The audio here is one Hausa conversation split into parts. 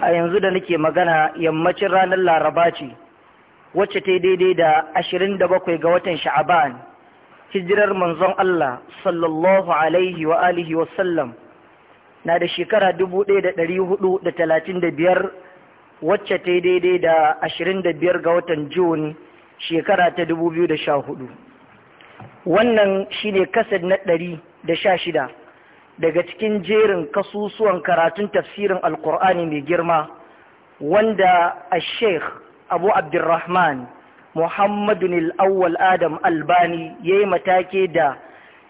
a yanzu da nake magana yammacin ranar laraba ce wacce ta daidai da ashirin da ga watan sha'aban hijirar manzon Allah sallallahu alaihi wa alihi wa sallam na da shekara dubu ɗaya da da talatin da biyar wacce ta daidai da ashirin da ga watan Jun shekara ta dubu hudu wannan shine kasad na ɗari da sha shida daga cikin jerin kasusuwan karatun tafsirin alkur'ani mai girma wanda a sheikh abu abdurrahman muhammadun al'awwal adam albani ya yi matake da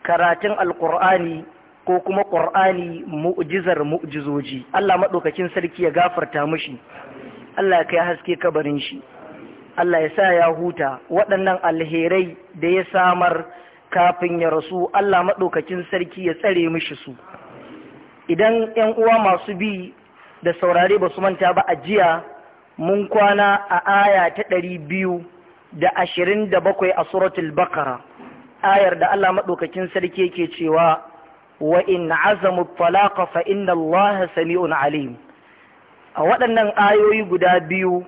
karatun alkur'ani ko kuma ƙur'ani mu'jizar mu'jizoji allah maɗaukakin sarki ya gafarta mushi allah ya kai haske kabarin shi allah ya sa ya huta waɗannan alherai da ya samar kafin ya rasu Allah maɗokakin sarki ya tsare mishi su idan ‘yan uwa masu bi da saurare ba su manta ba a jiya mun kwana a aya ta ɗari biyu da ashirin da bakwai a suratul bakara ayar da Allah maɗaukacin sarki yake cewa wa in azamu falaka fa inna Allah sami'un alim a waɗannan ayoyi guda biyu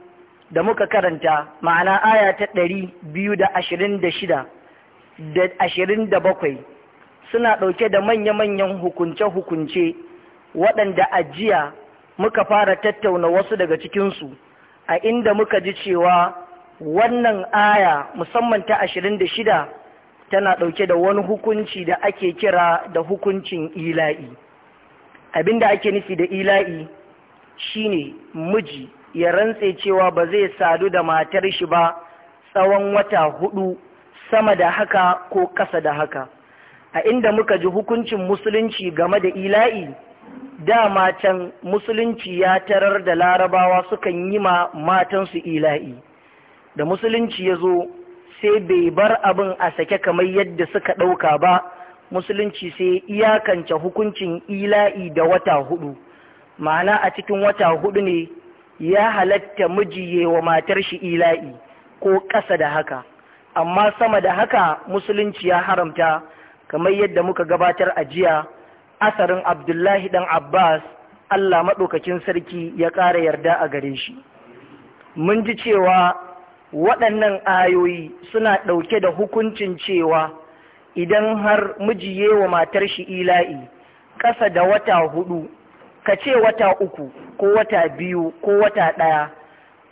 da muka karanta ma'ana aya ta ɗari biyu da ashirin da shida da ashirin da bakwai suna ɗauke da manya-manyan hukunce-hukunce waɗanda jiya muka fara tattauna wasu daga cikinsu a inda muka ji cewa wannan aya musamman ta ashirin da shida tana ɗauke da wani hukunci da ake kira da hukuncin ila'i abinda ake nufi da ila'i shine miji ya rantse cewa ba zai sadu da matar shi ba tsawon wata hudu sama da haka ko ƙasa da haka a inda muka ji hukuncin musulunci game da ila'i dama can musulunci ya tarar da larabawa sukan yi ma matansu ila'i da musulunci ya zo sai bai bar abin a sake kamar yadda suka ɗauka ba musulunci sai iyakance hukuncin ila'i da wata hudu ma'ana a cikin wata hudu ne ya halatta mijiye wa matar shi ila'i ko ƙasa da haka amma sama da haka musulunci ya haramta kamar yadda muka gabatar a jiya asarin abdullahi dan abbas allah maɗaukakin sarki ya ƙara yarda a gare shi mun ji cewa waɗannan ayoyi suna ɗauke da hukuncin cewa idan har miji wa matar shi ila'i ƙasa da wata hudu ka ce wata uku ko wata biyu ko wata ɗaya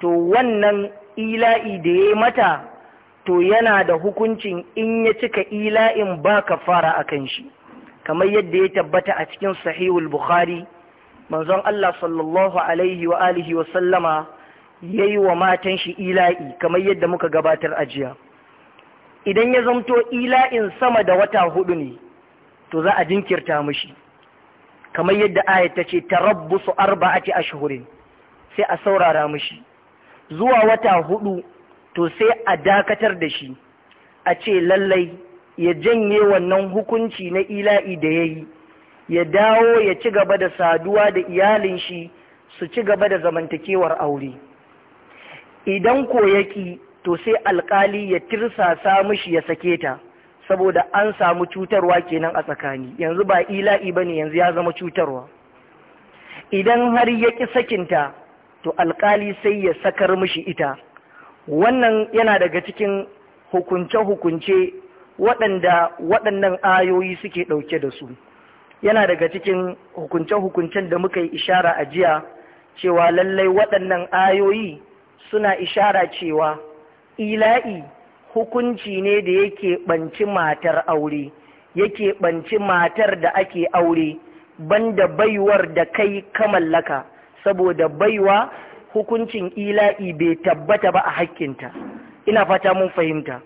to wannan ila'i da ya mata to yana da hukuncin in ya cika ila'in ba kafara akan shi kamar yadda ya tabbata a cikin sahihul bukhari manzon Allah sallallahu alaihi wa alihi wa sallama yayi wa matan shi ila'i kamar yadda muka gabatar a jiya idan ya zamto ila'in sama da wata hudu ne to za a jinkirta mishi kamar yadda ayat ta ce tarabbusu arba'ati ashhurin sai a saurara mishi zuwa wata hudu to sai a dakatar da shi a ce lallai ya janye wannan hukunci na ila'i da ya yi ya dawo ya ci gaba da saduwa da iyalin shi su ci gaba da zamantakewar aure idan ko yaki to sai alkali ya tirsasa mishi ya sake ta saboda an samu cutarwa kenan a tsakani yanzu ba ila'i ba ne yanzu ya zama cutarwa idan har ya ƙi sakinta to alkali sai ya sakar mishi ita wannan yana daga cikin hukunce-hukunce waɗanda waɗannan ayoyi suke ɗauke da su yana daga cikin hukunce-hukuncen da muka yi ishara a jiya cewa lallai waɗannan ayoyi suna ishara cewa ila'i hukunci ne da yake ɓanci matar aure yake ɓanci matar da ake aure banda baiwar da kai ka mallaka saboda baiwa hukuncin ila'i bai tabbata ba a haƙƙinta ina fata mun fahimta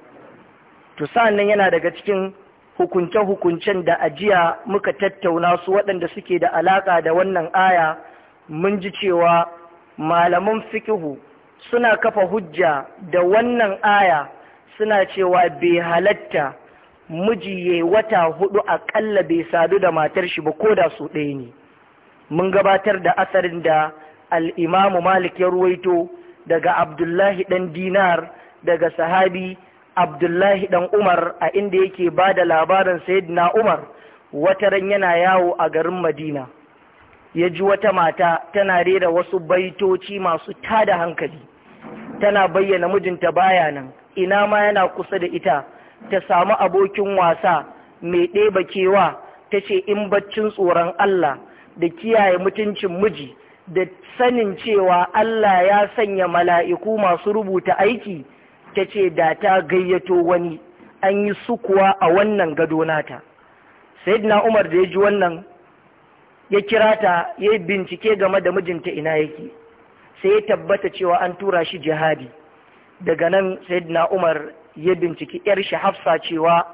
to sa'annan yana daga cikin hukunce-hukuncen da ajiya muka tattauna su waɗanda suke da alaƙa da wannan aya mun ji cewa malaman fikihu suna kafa hujja da wannan aya suna cewa bai halatta miji ya wata hudu aƙalla bai sadu da matar shi ba ko da su ɗaya ne mun gabatar da asarin da al'imamu malik ya ruwaito daga abdullahi ɗan dinar daga sahabi abdullahi ɗan umar a inda yake ba da labarin sayyidina umar wataran yana yawo a garin madina ya ji wata mata tana rera wasu baitoci masu tada hankali tana bayyana mijinta baya nan ina ma yana kusa da ita ta samu abokin wasa mai ɗeba kewa ta ce in baccin tsoron Allah da kiyaye mutuncin miji da sanin cewa Allah ya sanya mala'iku masu rubuta aiki ta ce da ta gayyato wani an yi sukuwa a wannan gado nata sayyidina umar da ya ji wannan ya kira ta ya bincike game da mijinta ina yake sai ya tabbata cewa an tura shi jihadi daga nan sayyidina umar ya binciki yar shi hafsa cewa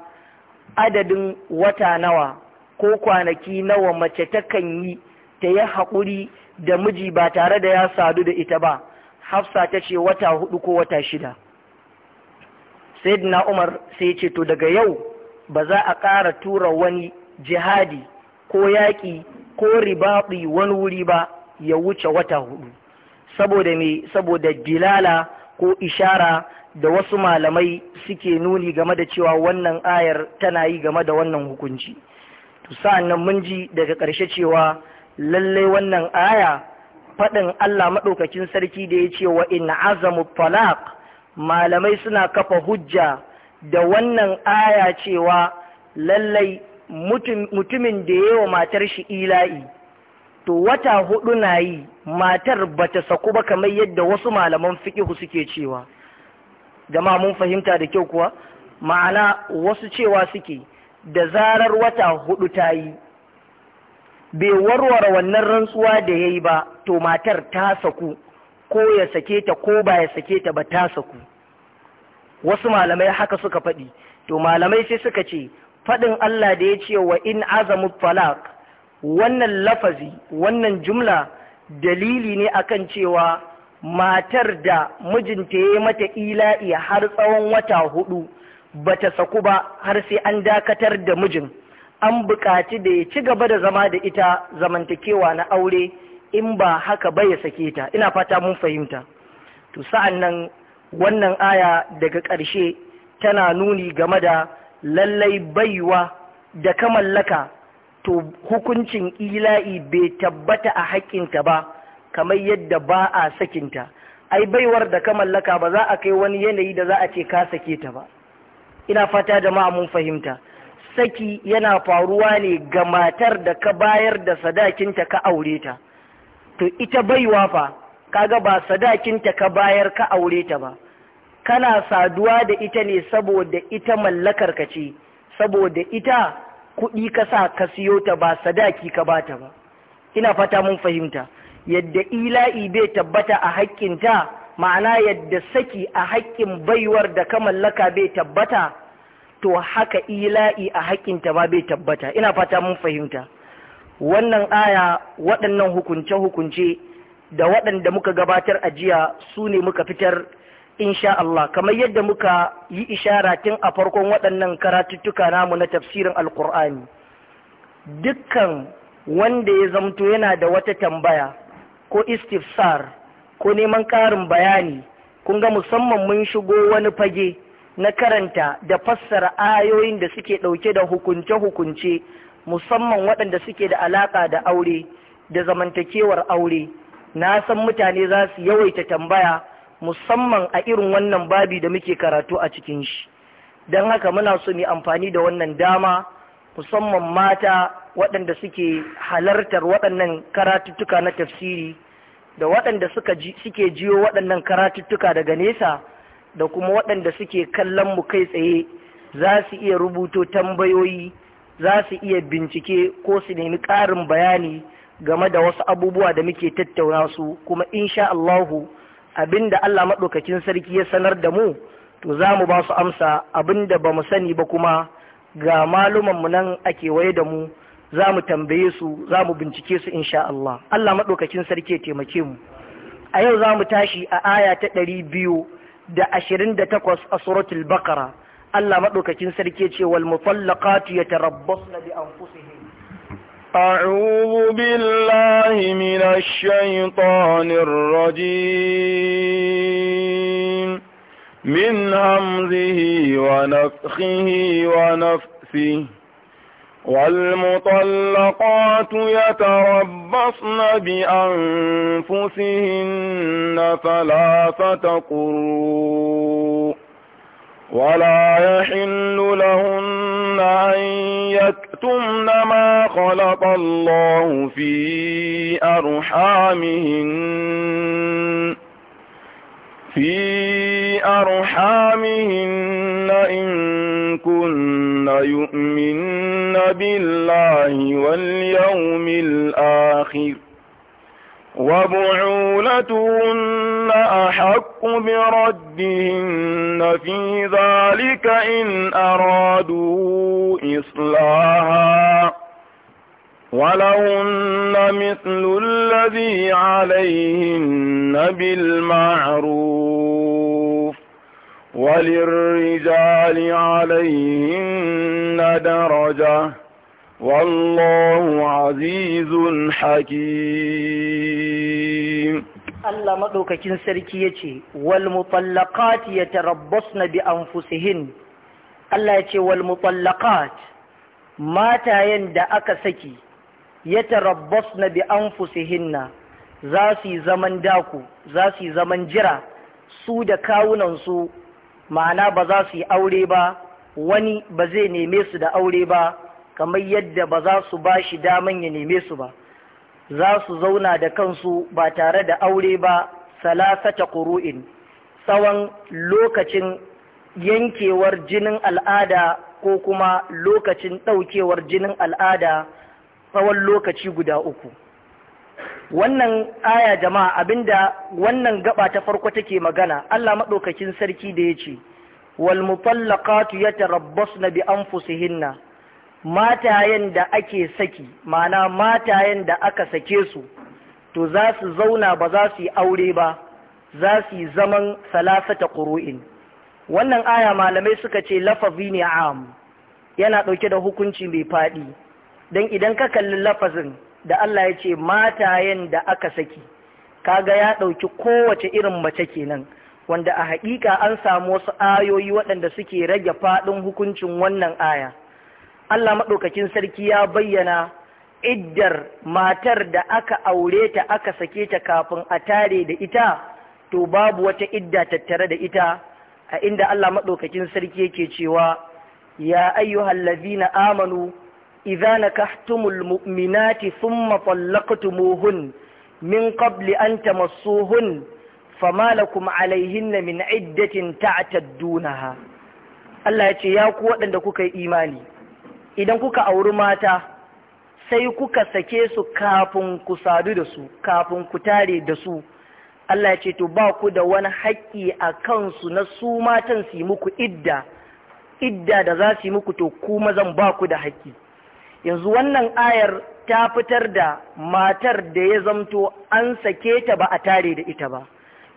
adadin wata nawa ko kwanaki nawa mace takan yi ta yi haƙuri da miji ba tare da ya sadu da ita ba hafsa ta ce wata hudu ko wata shida na umar sai ce to daga yau ba za a ƙara tura wani jihadi ko yaƙi ko ribaɓi wani wuri ba ya wuce wata hudu saboda me saboda dilala ko ishara da wasu malamai suke nuni game da cewa wannan ayar tana yi game da wannan hukunci to nan mun ji daga ƙarshe cewa lalle wannan aya faɗin Allah maɗaukakin sarki da ya ce wa in azamu talaq malamai suna kafa hujja da wannan aya cewa lallai mutumin da ya wa matar shi ila'i to wata hudu na yi matar bata saku ba kamar yadda wasu malaman fiƙihu suke cewa jama'a mun fahimta da kyau kuwa ma'ana wasu cewa suke da zarar wata hudu ta yi bai warware wannan rantsuwa da ya yi ba to matar ta saku ko ya sake ta ko ba ya sake ta ba ta saku wasu malamai haka suka faɗi to malamai sai suka ce faɗin Allah da ya ce wa in azamu falak wannan lafazi wannan jumla dalili ne akan cewa matar da mijinta ya yi mata ila'i har tsawon wata hudu bata saku ba har sai an dakatar da mijin an buƙaci da ya ci gaba da zama da ita zamantakewa na aure in ba haka ba ya sake ta ina fata mun fahimta to sa'an nan wannan aya daga ƙarshe tana nuni game da lallai baiwa da ka mallaka to hukuncin ila'i bai tabbata a haƙƙinta ba kamar yadda ba a sakinta ai baiwar da ka mallaka ba za a kai wani yanayi da za a ce ka sake ta ba ina fata jama'a mun fahimta saki yana faruwa ne ga matar da ka bayar da sadakinta ka aure ta to ita baiwa fa kaga ba sadakinta ka bayar ka aure ta ba kana saduwa da ita ne saboda ita mallakar ka ce saboda ita kuɗi ka sa ka siyo ta ba sadaki ka bata ba ina fata mun fahimta yadda ila'i bai tabbata a haƙƙinta ma'ana yadda saki a haƙƙin baiwar da ka mallaka bai tabbata to haka ila'i a haƙinta ba bai tabbata ina fata mun fahimta wannan aya waɗannan hukunce-hukunce da waɗanda muka gabatar a jiya su ne muka fitar insha Allah kamar yadda muka yi ishara tun a farkon waɗannan karatuttuka namu na tafsirin alkur'ani dukkan wanda ya zamto yana da wata tambaya ko istifsar ko neman ƙarin bayani kun ga musamman mun shigo wani fage na karanta da fassara ayoyin da suke ɗauke da hukunce-hukunce musamman waɗanda suke da alaƙa da aure da zamantakewar aure na san mutane za su yawaita tambaya musamman a irin wannan babi da muke karatu a cikin shi don haka muna so mu amfani da wannan dama musamman mata waɗanda suke halartar waɗannan karatuttuka na tafsiri da waɗanda suke jiyo waɗannan karatuttuka daga nesa da kuma waɗanda suke kallon mu kai tsaye za su iya rubuto tambayoyi za su iya bincike ko su nemi ƙarin bayani game da wasu abubuwa da muke tattauna su kuma insha Allahu abinda Allah maɗaukakin sarki ya sanar da mu to za mu ba su amsa abinda ba mu sani ba kuma ga mu nan a kewaye da mu za mu tambaye su za mu bincike su insha Allah Allah maɗaukakin sarki ya taimake mu a yau za mu tashi a aya ta ɗari biyu da ashirin da takwas a suratul bakara Allah maɗaukakin sarki ce wal mutallaqatu yatarabbasna bi anfusihim a'udhu billahi minash shaitanir rajim min hamzihi wa nafthihi wa nafsihi والمطلقات يتربصن بأنفسهن ثلاثة قروء ولا يحل لهن أن يكتمن ما خلق الله في أرحامهن في أرحامهن إن كن يؤمن بالله واليوم الآخر وبعولتهن أحق بردهن في ذلك إن أرادوا إصلاحا ولهن مثل الذي عليهن بالمعروف وللرجال عليهن درجة والله عزيز حكيم Allah maɗaukakin sarki ya ce, Walmutallakat ya tarabbas na bi an fusihin, Allah ya ce, matayen da aka saki, ya tarabbas na bi an fusihinna za su yi zaman daku za su yi zaman jira su da kawunansu ma'ana ba za su yi aure ba wani ba zai neme su da aure ba kamar yadda ba za su ba shi daman ya neme su ba za su zauna da kansu ba tare da aure ba salasata kuru'in tsawon lokacin yankewar jinin al'ada ko kuma lokacin ɗaukewar jinin al'ada tsawon lokaci guda uku wannan aya jama'a abinda wannan gaba ta farko take magana Allah maɗaukakin sarki da ya ce wal mutallaqatu yatarabbasna bi anfusihinna matayen da ake saki ma'ana matayen da aka sake su to za su zauna ba za su yi aure ba za su yi zaman salasata ƙuru'in wannan aya malamai suka ce lafafi ne am yana ɗauke da hukunci mai faɗi don idan ka kalli lafazin da Allah ya ce matayen da aka saki kaga ya ɗauki kowace irin mace kenan wanda a haƙiƙa an samu wasu ayoyi waɗanda suke rage faɗin hukuncin wannan aya Allah maɗaukakin sarki ya bayyana iddar matar da aka aure ta aka sake ta kafin a tare da ita to babu wata idda tattare da ita a inda Allah maɗaukakin sarki yake cewa ya ayyuhallazina amanu idza nakahtumul mu'minati thumma talaqtumuhun min qabli an tamassuhun fama lakum alaihinna min iddatin ta'taddunaha Allah ya ce ya ku waɗanda kuka yi imani idan kuka auri mata sai kuka sake su kafin ku sadu da su kafin ku tare da su Allah ya ce to ba ku da wani haƙƙi a kansu na su matan su muku idda idda da za su yi muku to kuma zan ba ku da haƙƙi yanzu wannan ayar ta fitar da matar da ya zamto an sake ta ba a tare da ita ba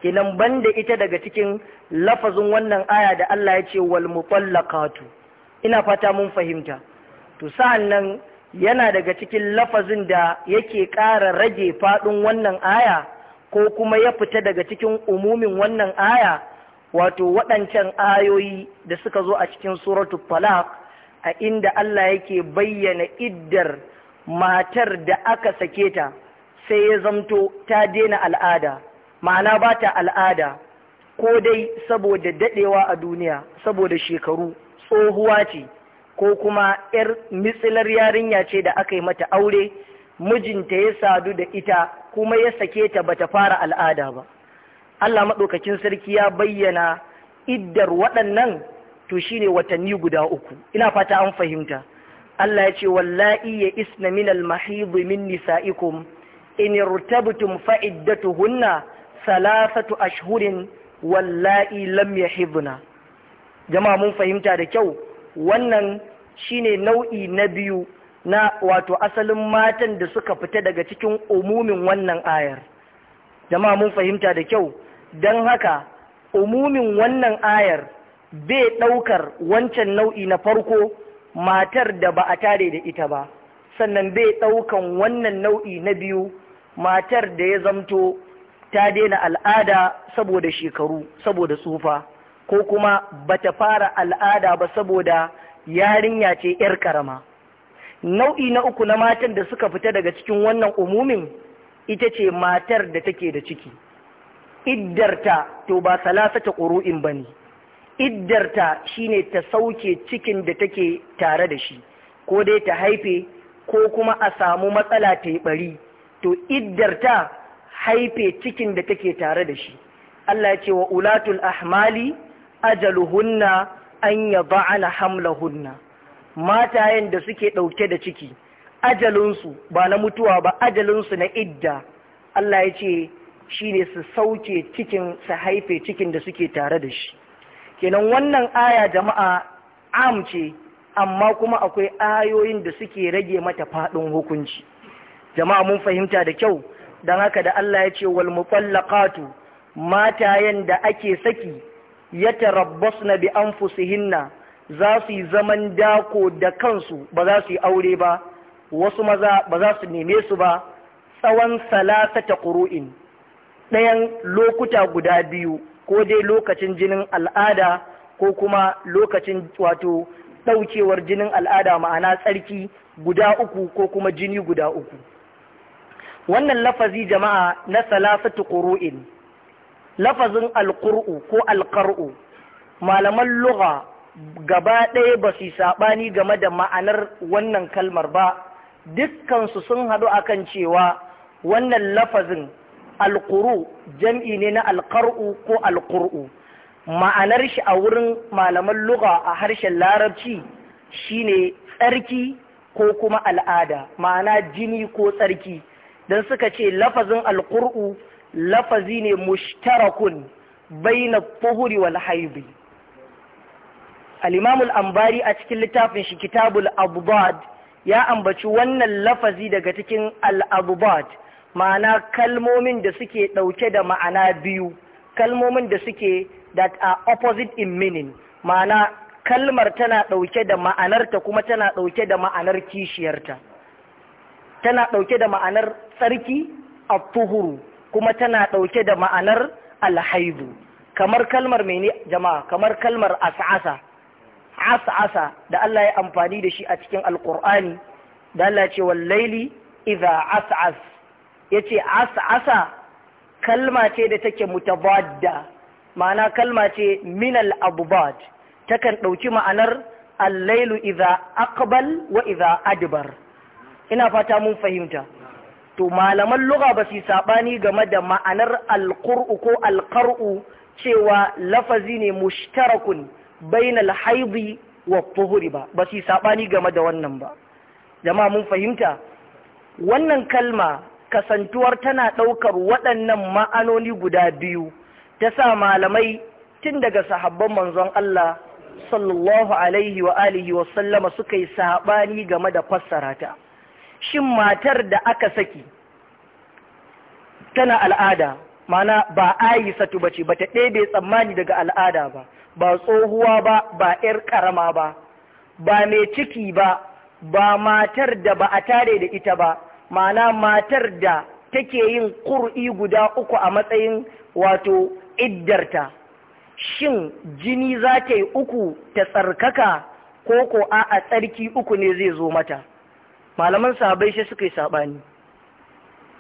kenan banda ita daga cikin lafazin wannan aya da Allah ya ce wal mutallaqatu ina fata mun fahimta to sa'annan yana daga cikin lafazin da yake ƙara rage faɗin wannan aya ko kuma ya fita daga cikin umumin wannan aya wato waɗancan ayoyi da suka zo a cikin suratul talaq a inda Allah yake bayyana iddar matar da aka sake ta sai ya zamto ta daina al'ada ma'ana ba ta al'ada ko dai saboda dadewa a duniya saboda shekaru tsohuwa ce ko kuma 'yar mitsilar yarinya ce da aka yi mata aure mijinta ya sadu da ita kuma ya sake ta bata fara al'ada ba Allah maɗaukakin sarki ya bayyana iddar waɗannan to ne watanni guda uku ina fata an fahimta Allah ya ce wallahi ya isna min al-mahid min nisaikum in irtabtum fa iddatuhunna thalathatu ashhurin wallahi lam yahidna jama'a mun fahimta da kyau wannan shine nau'i na biyu na wato asalin matan da suka fita daga cikin umumin wannan ayar jama'a mun fahimta da kyau don haka umumin wannan ayar bai ɗaukar wancan nau'i na farko matar da ba a tare da ita ba sannan bai ɗaukan wannan nau'i na biyu matar da ya zamto ta daina al'ada saboda shekaru saboda tsufa ko kuma bata fara al'ada ba saboda yarinya ce 'yar karama nau'i na uku na matan da suka fita daga cikin wannan umumin ita ce matar da take da ciki iddarta to ba salasa salasata ƙuru'in ba ne iddarta shine ta sauke cikin da take tare da shi ko dai ta haife ko kuma a samu matsala ta yi bari to iddarta haife cikin da take tare da shi Allah ce wa ulatul ahmali ajaluhunna an hamla-hunna. matayen da suke ɗauke da ciki ajalinsu ba na mutuwa ba ajalinsu na idda Allah ya ce shi ne su sauke cikin su haife cikin da suke tare da shi kenan wannan aya jama'a am ce amma kuma akwai ayoyin da suke rage mata faɗin hukunci jama'a mun fahimta da kyau don haka da Allah ya ce wal muqallaqatu matayen da ake saki ya tarabbasna bi anfusihinna za su yi zaman dako da kansu ba za su yi aure ba wasu maza ba za su neme su ba tsawon ta ƙuru'in ɗayan lokuta guda biyu ko dai lokacin jinin al'ada ko kuma lokacin wato ɗaukewar jinin al'ada ma'ana tsarki guda uku ko kuma jini guda uku wannan lafazi jama'a na salafatu ƙuru'in lafazin alƙur'u ko alƙar'u malaman lugha gaba ɗaya ba su saɓani game da ma'anar wannan kalmar ba dukkansu sun haɗu akan cewa wannan lafazin alƙuru jam'i ne na alƙar'u ko alƙur'u ma'anar shi a wurin malaman lugha a harshen larabci shine tsarki ko kuma al'ada ma'ana jini ko tsarki don suka ce lafazin alƙur'u lafazi ne mushtarakun baina fuhuri wal haibi al ambari a cikin littafin shi kitabul abubad ya ambaci wannan lafazi daga cikin al-abubad ma'ana kalmomin da suke ɗauke da ma'ana biyu kalmomin da suke that are opposite in meaning ma'ana kalmar tana ɗauke da ma'anarta kuma tana ɗauke da ma'anar kishiyarta tana ɗauke da ma'anar tsarki a tuhuru kuma tana ɗauke da ma'anar alhaidu kamar kalmar mene jama'a kamar kalmar as'asa as'asa da Allah ya amfani da shi a cikin alkur'ani da Allah ce wallaili idza as'as yace asa asa kalma ce da take mutabadda ma'ana kalma ce minal abubad takan ɗauki ma'anar allailu iza aqbal wa iza adbar ina fata mun fahimta to malaman lugha ba su sabani game da ma'anar alkur'u ko alkar'u cewa lafazi ne mushtarakun bainal haibi wa tuhuri ba ba su sabani game da wannan ba jama'a mun fahimta wannan kalma kasantuwar tana ɗaukar waɗannan ma'anoni guda biyu ta sa malamai tun daga sahabban manzon Allah sallallahu alaihi wa alihi wa sallama suka yi saɓani game da fassara ta shin matar da aka saki tana al'ada mana ba aisatu bace bata ɗebe tsammani daga al'ada ba ba tsohuwa ba ba 'yar ƙarama ba ba mai ciki ba ba matar da ba a tare da ita ba ma'ana matar da take yin ƙur'i guda uku a matsayin wato iddarta shin jini za ta yi uku ta tsarkaka ko ko a a tsarki uku ne zai zo mata malaman sahabbai shi suka yi saɓani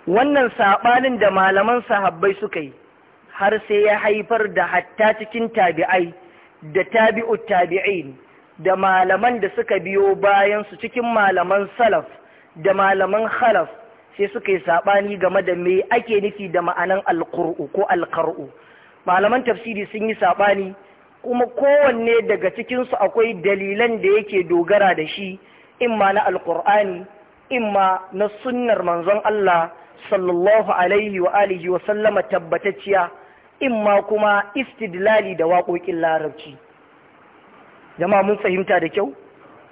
wannan saɓanin da malaman sahabbai suka yi har sai ya haifar da hatta cikin tabi'ai da tabi'u tabi'in da malaman da suka biyo bayan su cikin malaman salaf da malaman Khalaf sai suka yi saɓani game da me ake nufi da ma'anan alƙur'u ko alƙar'u malaman tafsiri sun yi saɓani kuma kowanne daga cikin su akwai dalilan da yake dogara da shi imma na alƙur'ani imma na sunnar manzon Allah sallallahu alaihi wa alihi wa sallama tabbatacciya imma kuma istidlali da waƙoƙin larabci jama'a mun fahimta da kyau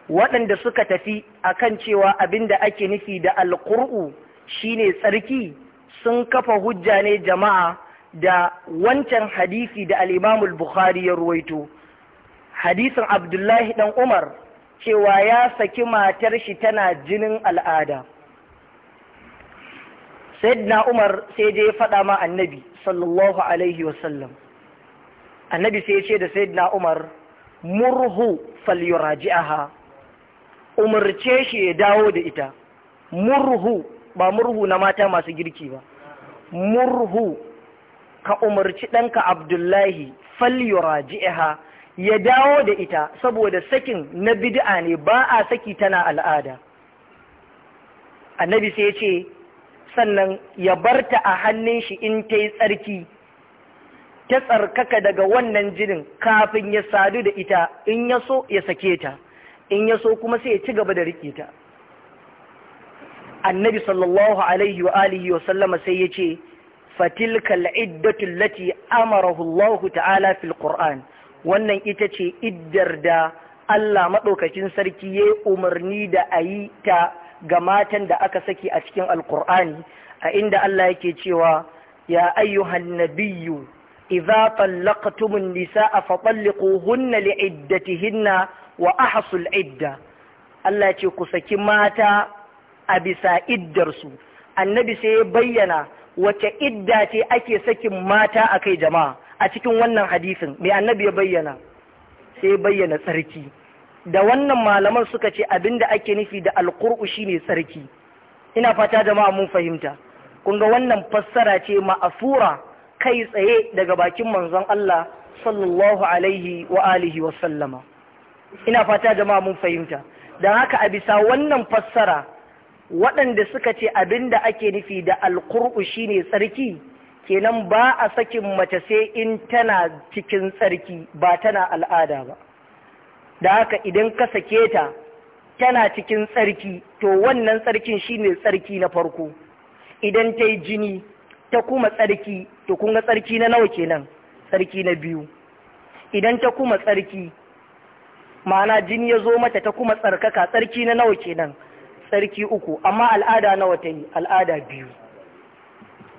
waɗanda suka tafi a kan cewa abin da ake nufi da alƙur'u shine tsarki sun kafa hujja ne jama'a da wancan hadisi da al'imamul bukhari ya ruwaito hadisin abdullahi ɗan umar cewa ya saki matar shi tana jinin al'ada sayyidina umar sai dai faɗa ma annabi sallallahu alaihi wasallam annabi sai ce da sayyidina umar murhu falyuraji'aha umarce shi ya dawo da ita murhu ba murhu na mata masu girki ba murhu ka umarci ɗanka abdullahi falyuraji'ha ya dawo da ita saboda sakin na bid'a ne ba a saki tana al'ada annabi sai ce sannan ya barta a hannun shi in ta yi tsarki ta tsarkaka daga wannan jinin kafin ya sadu da ita in ya so ya sake ta in ya so kuma sai ya ci gaba da riƙe ta annabi sallallahu alaihi wa alihi wa sallama sai ya ce fatilka al'iddatu allati amarahu Allah ta'ala fil qur'an wannan ita ce iddar da Allah madaukakin sarki ya umarni da ayi ta ga matan da aka saki a cikin alqur'ani a inda Allah yake cewa ya ayyuhan nabiyyu idza tallaqtumun nisaa la'idati hinna. wa ahsul idda Allah ce ku saki mata a bisa iddarsu annabi sai ya bayyana wace idda ce ake sakin mata a kai jama'a a cikin wannan hadisin mai annabi ya bayyana sai ya bayyana tsarki da wannan malaman suka ce abinda ake nufi da alƙur'u shine tsarki ina fata jama'a mun fahimta kun ga wannan fassara ce ma'asura kai tsaye daga bakin manzon Allah sallallahu alaihi wa alihi wa sallama ina fata jama'a mun fahimta don haka a bisa wannan fassara waɗanda suka ce abin da ake nufi da alkur'u shine tsarki kenan ba a sakin mace sai in tana cikin tsarki ba tana al'ada ba da haka idan ka sake ta tana cikin tsarki to wannan tsarkin shine tsarki na farko idan ta yi jini ta kuma tsarki to kun tsarki na nawa kenan tsarki na biyu idan ta kuma tsarki ma'ana jini ya zo mata ta kuma tsarkaka tsarki na nawa kenan tsarki uku amma al'ada nawa ta yi al'ada biyu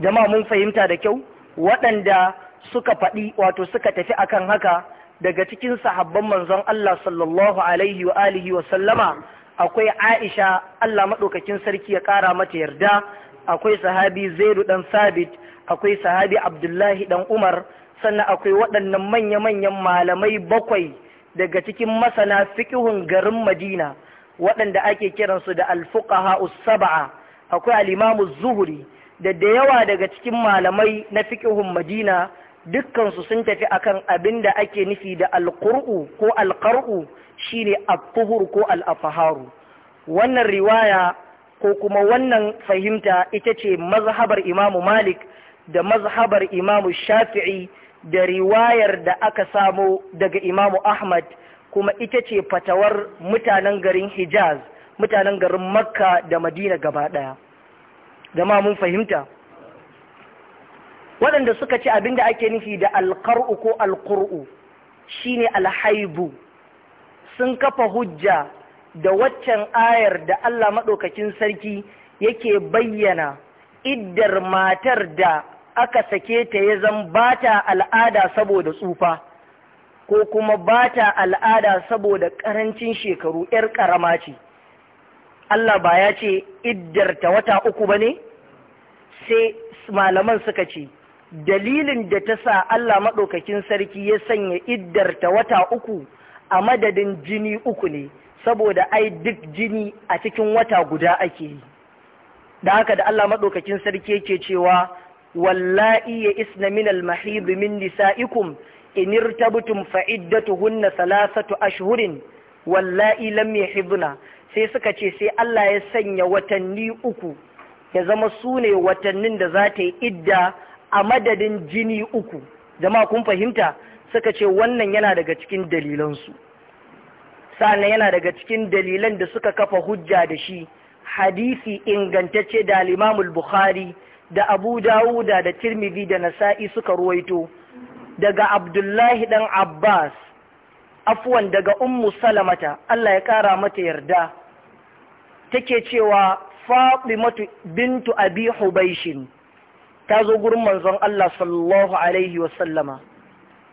jama'a mun fahimta da kyau waɗanda suka faɗi wato suka tafi akan haka daga cikin sahabban manzon Allah sallallahu alaihi wa alihi wa sallama akwai Aisha Allah madaukakin sarki ya ƙara mata yarda akwai sahabi Zaidu dan Sabit akwai sahabi Abdullahi dan Umar sannan akwai waɗannan manya-manyan malamai bakwai daga cikin masana fiƙihun garin Madina waɗanda ake kiransu da al-fuqaha akwai al zuhri da da yawa daga cikin malamai na fiƙihun Madina dukkansu sun tafi akan abin da ake nufi da alƙur'u ko alƙar'u shine al ko al wannan riwaya ko kuma wannan fahimta ita ce mazhabar imamu malik da mazhabar imamu shafi'i da riwayar da aka samo daga imamu ahmad kuma ita ce fatawar mutanen garin hijaz mutanen garin makka da madina gaba ɗaya Gama mun fahimta waɗanda suka ce abinda ake nufi da alƙar'u ko alkur'u shine alhaibu sun kafa hujja da waccan ayar da Allah maɗaukakin sarki yake bayyana iddar matar da aka sake ta ya zan bata al'ada saboda tsufa ko kuma bata al'ada saboda ƙarancin shekaru ‘yar ƙarama ce Allah ba ya ce iddarta wata uku ba ne sai malaman suka ce dalilin da ta sa Allah maɗaukakin sarki ya sanya iddarta wata uku a madadin jini uku ne saboda ai duk jini a cikin wata guda ake yi da haka da Allah maɗaukakin sarki yake cewa wallahi ya isna min al-mahid min nisa'ikum in irtabtum fa iddatuhunna thalathatu ashhurin wallahi lam sai suka ce sai Allah ya sanya watanni uku ya zama sune ne watannin da za ta yi idda a madadin jini uku jama'a kun fahimta suka ce wannan yana daga cikin dalilansu sannan yana daga cikin dalilan da suka kafa hujja da shi hadisi ingantacce da al-Imam bukhari da Abu Dawuda da Tirmidhi da Nasa'i suka ruwaito daga Abdullahi dan Abbas afwan daga Ummu Salamata Allah ya kara mata yarda take cewa Fatimatu bintu Abi Hubaishin ta zo gurin manzon Allah sallallahu alaihi sallama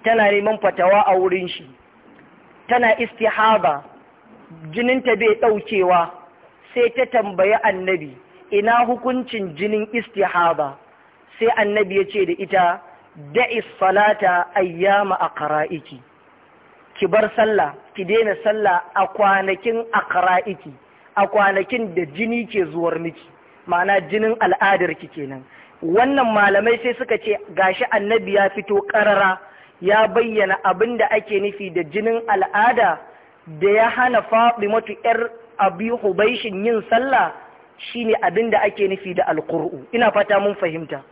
tana neman fatawa a wurin shi tana istihaba jininta bai daukewa sai ta tambayi annabi ina hukuncin jinin istihaba sai annabi ya ce da ita da'i salata ayyama aqra'iki ki bar sallah ki daina sallah a kwanakin aqra'iki a kwanakin da jini ke zuwar miki ma'ana jinin al'adar ki kenan wannan malamai sai suka ce gashi annabi ya fito karara ya bayyana abin da ake nufi da jinin al'ada da ya hana faɗi Fatimatu ‘yar abi Hubaishin yin sallah shine abin da ake nufi da alquru. ina fata mun fahimta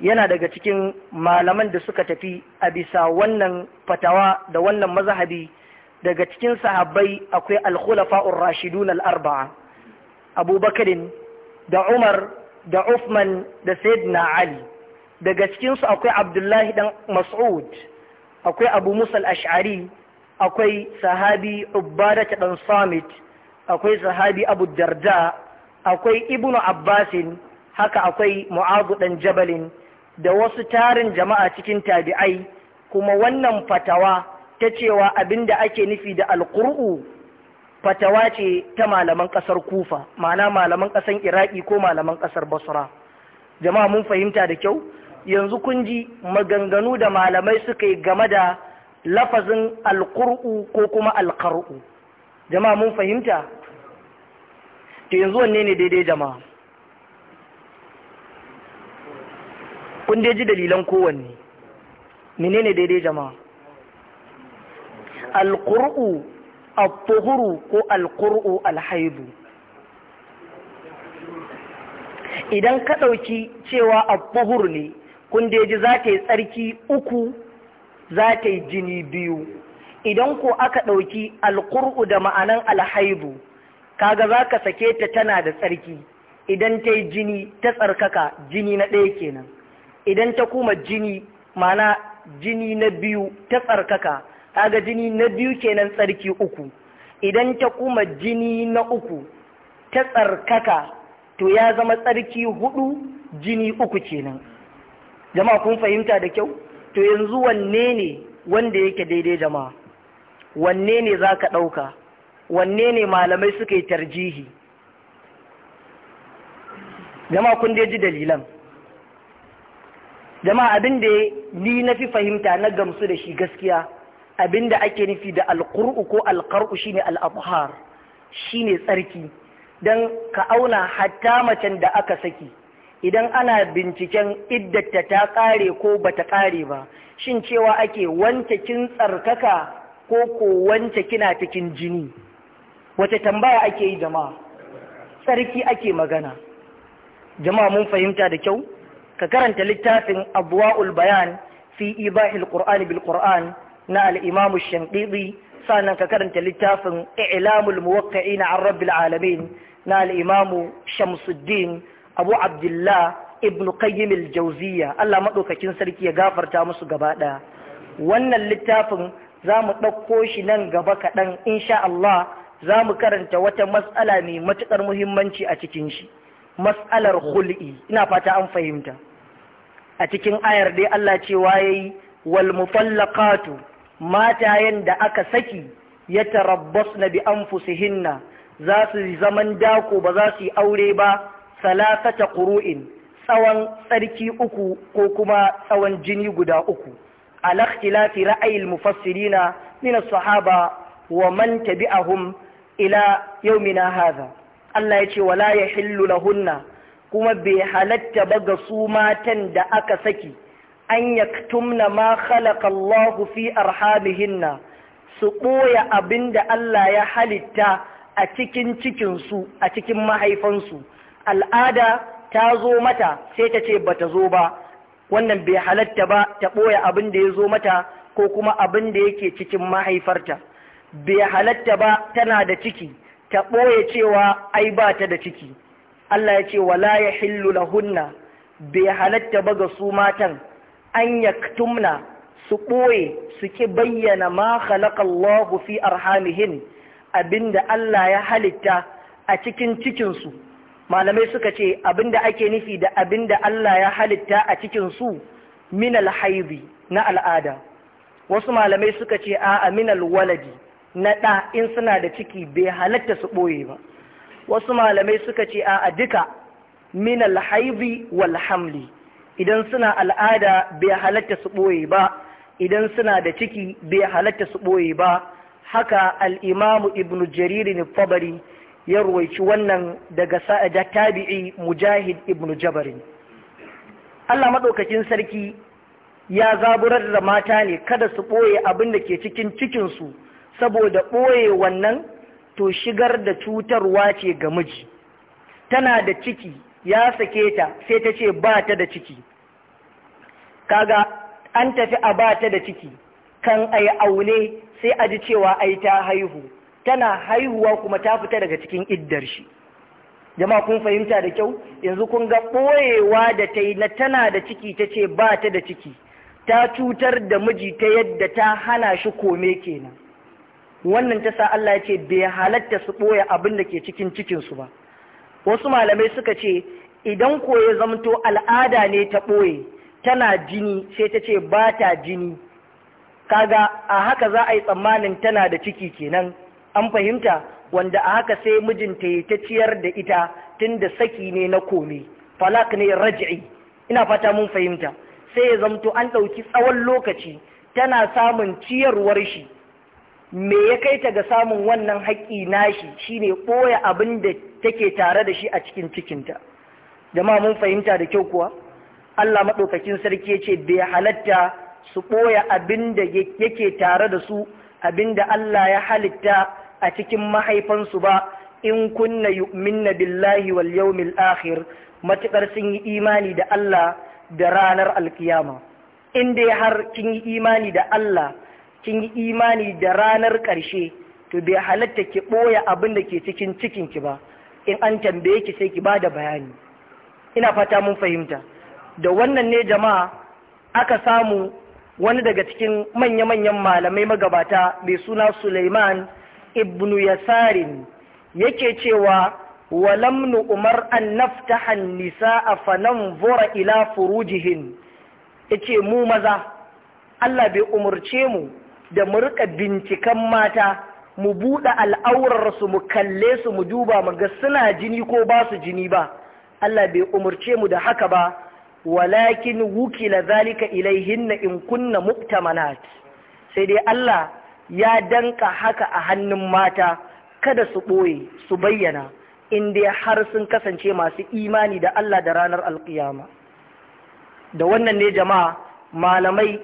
yana daga cikin malaman da suka tafi a bisa wannan fatawa da wannan mazhabi daga cikin sahabbai akwai alkhulafa'ur rashidun al-arba'a abubakarin da umar da uthman da sayyidina ali daga cikinsu akwai abdullahi dan mas'ud akwai abu Musal ashari akwai sahabi ubbada dan samit akwai sahabi abu darda akwai ibnu abbasin haka akwai mu'azu dan jabalin da wasu tarin jama'a cikin tabi'ai kuma wannan fatawa ta cewa abinda ake nufi da alqur'u fatawa ce ta malaman ƙasar kufa ma'ana malaman ƙasar iraki ko malaman ƙasar basra jama'a mun fahimta da kyau yanzu kun ji maganganu da malamai suka yi game da lafazin alqur'u ko kuma alqar'u jama'a mun fahimta to yanzu wanne ne daidai jama'a kun dai ji dalilan kowanne menene daidai jama'a alƙur'u a tuhuru ko alƙur'u al idan ka ɗauki cewa a tuhuru ne kun dai ji za ta yi tsarki uku za ta yi jini biyu idan ko aka ɗauki alƙur'u da ma'anan Alhaidu? kaga za ka sake ta tana da tsarki idan ta yi jini ta tsarkaka jini na ɗaya kenan idan ta kuma jini mana jini na biyu ta tsarkaka kaga jini na biyu kenan tsarki uku idan ta kuma jini na uku ta tsarkaka to ya zama tsarki hudu jini uku kenan jama'a kun fahimta da kyau to yanzu wanne ne wanda yake daidai jama'a wanne ne za ka ɗauka wanne ne malamai suka yi tarjihi jama'a kun dai ji dalilan jama'a abin da ni na fi fahimta na gamsu da shi gaskiya abin da ake nufi da alkur'u ko alkar'u shine al'abhar shine tsarki don ka auna hatta macen da aka saki idan ana binciken iddata ta kare ko bata kare ba shin cewa ake wance kin tsarkaka ko ko wance kina cikin jini wace tambaya ake yi jama'a tsarki ake magana jama'a mun fahimta da kyau ka karanta littafin abwa'ul bayan fi ibahil qur'ani bil qur'an na alimamu imam ash sannan ka karanta littafin i'lamul muwaqqi'ina 'an rabbil alamin na al-imam shamsuddin abu abdullah ibn qayyim al Allah maɗaukakin sarki ya gafarta musu gaba wannan littafin zamu ɗauko shi nan gaba kaɗan insha Allah za mu karanta wata matsala mai matuƙar muhimmanci a cikin shi matsalar hul'i ina fata an fahimta a cikin ayar dai Allah cewa yayi wal mutallaqatu mata yanda aka saki ya tarabbasna bi anfusihinna za su zaman dako ba za su yi aure ba salasata ƙuru'in tsawon tsarki uku ko kuma tsawon jini guda uku ala ikhtilafi ra'ayil mufassirina min as-sahaba wa man tabi'ahum ila yaumina haza Allah ya ce wala hillu lahunna kuma bai halatta ba ga su matan da aka saki an yaktumna ma khalaqa Allahu fi arhamihinna su ɓoye abin da Allah ya halitta a cikin cikinsu a cikin mahaifansu al'ada ta zo mata sai ta ce ba ta zo ba wannan bai halatta ba ta ɓoye abin da ya zo mata ko kuma abin da yake cikin mahaifarta bai halatta ba tana da ciki ta ɓoye cewa ai ba ta da ciki Allah ya ce wala ya hillu lahunna bai halatta ba ga su matan an tumna su ɓoye su ki bayyana ma khalaqa Allahu fi arhamihin abinda Allah ya halitta a cikin cikinsu malamai suka ce abinda ake nufi da abinda Allah ya halitta a cikinsu min alhaibi na al'ada wasu malamai suka ce a'a min alwaladi na ɗa in suna da ciki bai halatta su ɓoye ba wasu malamai suka ce a a duka min alhaibi walhamli idan suna al'ada bai halatta su ɓoye ba idan suna da ciki bai halatta su ɓoye ba haka al'imamu ibn jariri fabari ya ruwaici wannan daga sa'ada tabi'i mujahid ibn jabari Allah maɗaukakin sarki ya zaburar da mata ne kada su ɓoye abin da ke cikin cikinsu saboda ɓoye wannan to shigar da cutarwa ce ga miji tana da ciki ya sake ta sai ta ce ba ta da ciki kaga an tafi a ba ta da ciki kan ai aune sai a ji cewa ai ta haihu tana haihuwa kuma ta fita daga cikin iddar shi jama'a kun fahimta da kyau yanzu kun ga ɓoyewa da ta yi na tana da ciki ta ce ba ta da ciki ta cutar da miji ta yadda ta hana shi kome kenan wannan ta sa Allah ya ce bai halatta su ɓoye abin da ke cikin cikinsu ba wasu malamai suka ce idan koye zamto al'ada ne ta ɓoye tana jini sai ta ce ba ta jini kaga a haka za a yi tsammanin tana da ciki kenan an fahimta wanda a haka sai mijinta ya ta ciyar da ita tun da saki ne na kome falak ne raj'i ina fata mun fahimta sai ya zamto an ɗauki tsawon lokaci tana samun ciyarwar shi me ya kai ta ga samun wannan haƙƙi nashi shine ɓoye abin da take tare da shi a cikin cikinta dama mun fahimta da kyau kuwa Allah maɗaukakin sarki ya ce bai halatta su ɓoye abin da yake tare da su abin da Allah ya halitta a cikin mahaifansu ba in kunna yu'minna billahi wal yawmil akhir matuƙar sun yi imani da Allah da ranar alkiyama in dai har kin yi imani da Allah kin yi imani da ranar ƙarshe to bai halatta ki ɓoya abin da ke cikin cikinki ba in an tambaye ki sai ki ba da bayani ina fata mun fahimta da wannan ne jama'a aka samu wani daga cikin manya-manyan malamai magabata mai suna Suleiman ibn Yasarin yake cewa walam nu umar an Nisa a fanan vora ila furujihin yace mu maza Allah bai umarce mu da mu riƙa binciken mata mu buɗe al'aurarsu mu kalle su mu duba mu ga suna jini ko ba su jini ba Allah bai umarce mu da haka ba walakin wukila zalika ilaihinna in kunna muktamanat sai dai Allah ya danka haka a hannun mata kada su ɓoye su bayyana in dai har sun kasance masu imani da Allah da ranar alƙiyama da wannan ne jama'a malamai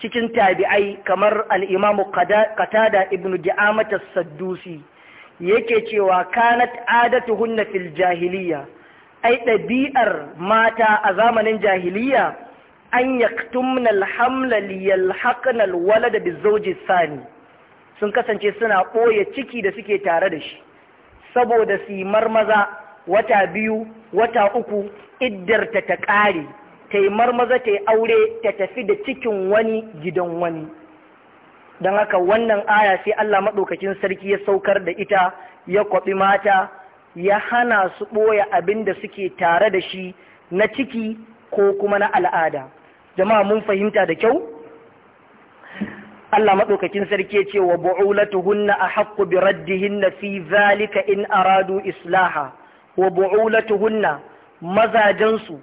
cikin tabi'ai kamar al'imamu Katada ibnu di'amata saddusi yake cewa kanat adatuhunna fil jahiliya ai ɗabi'ar mata a zamanin jahiliya an yaktumna alhamla liyalhaqna alwalada bizawji sani sun kasance suna ɓoye ciki da suke tare da shi saboda su maza wata biyu wata uku iddarta ta ƙare ta yi marmaza ta yi aure ta tafi da cikin wani gidan wani don haka wannan aya sai Allah maɗaukakin sarki ya saukar da ita ya kwaɓi mata ya hana su ɓoye abin da suke tare da shi na ciki ko kuma na al'ada jama'a mun fahimta da kyau Allah maɗaukakin sarki ya ce wa bu'ulatuhunna a haƙƙu bi raddihinna fi zalika in aradu islaha wa bu'ulatuhunna mazajensu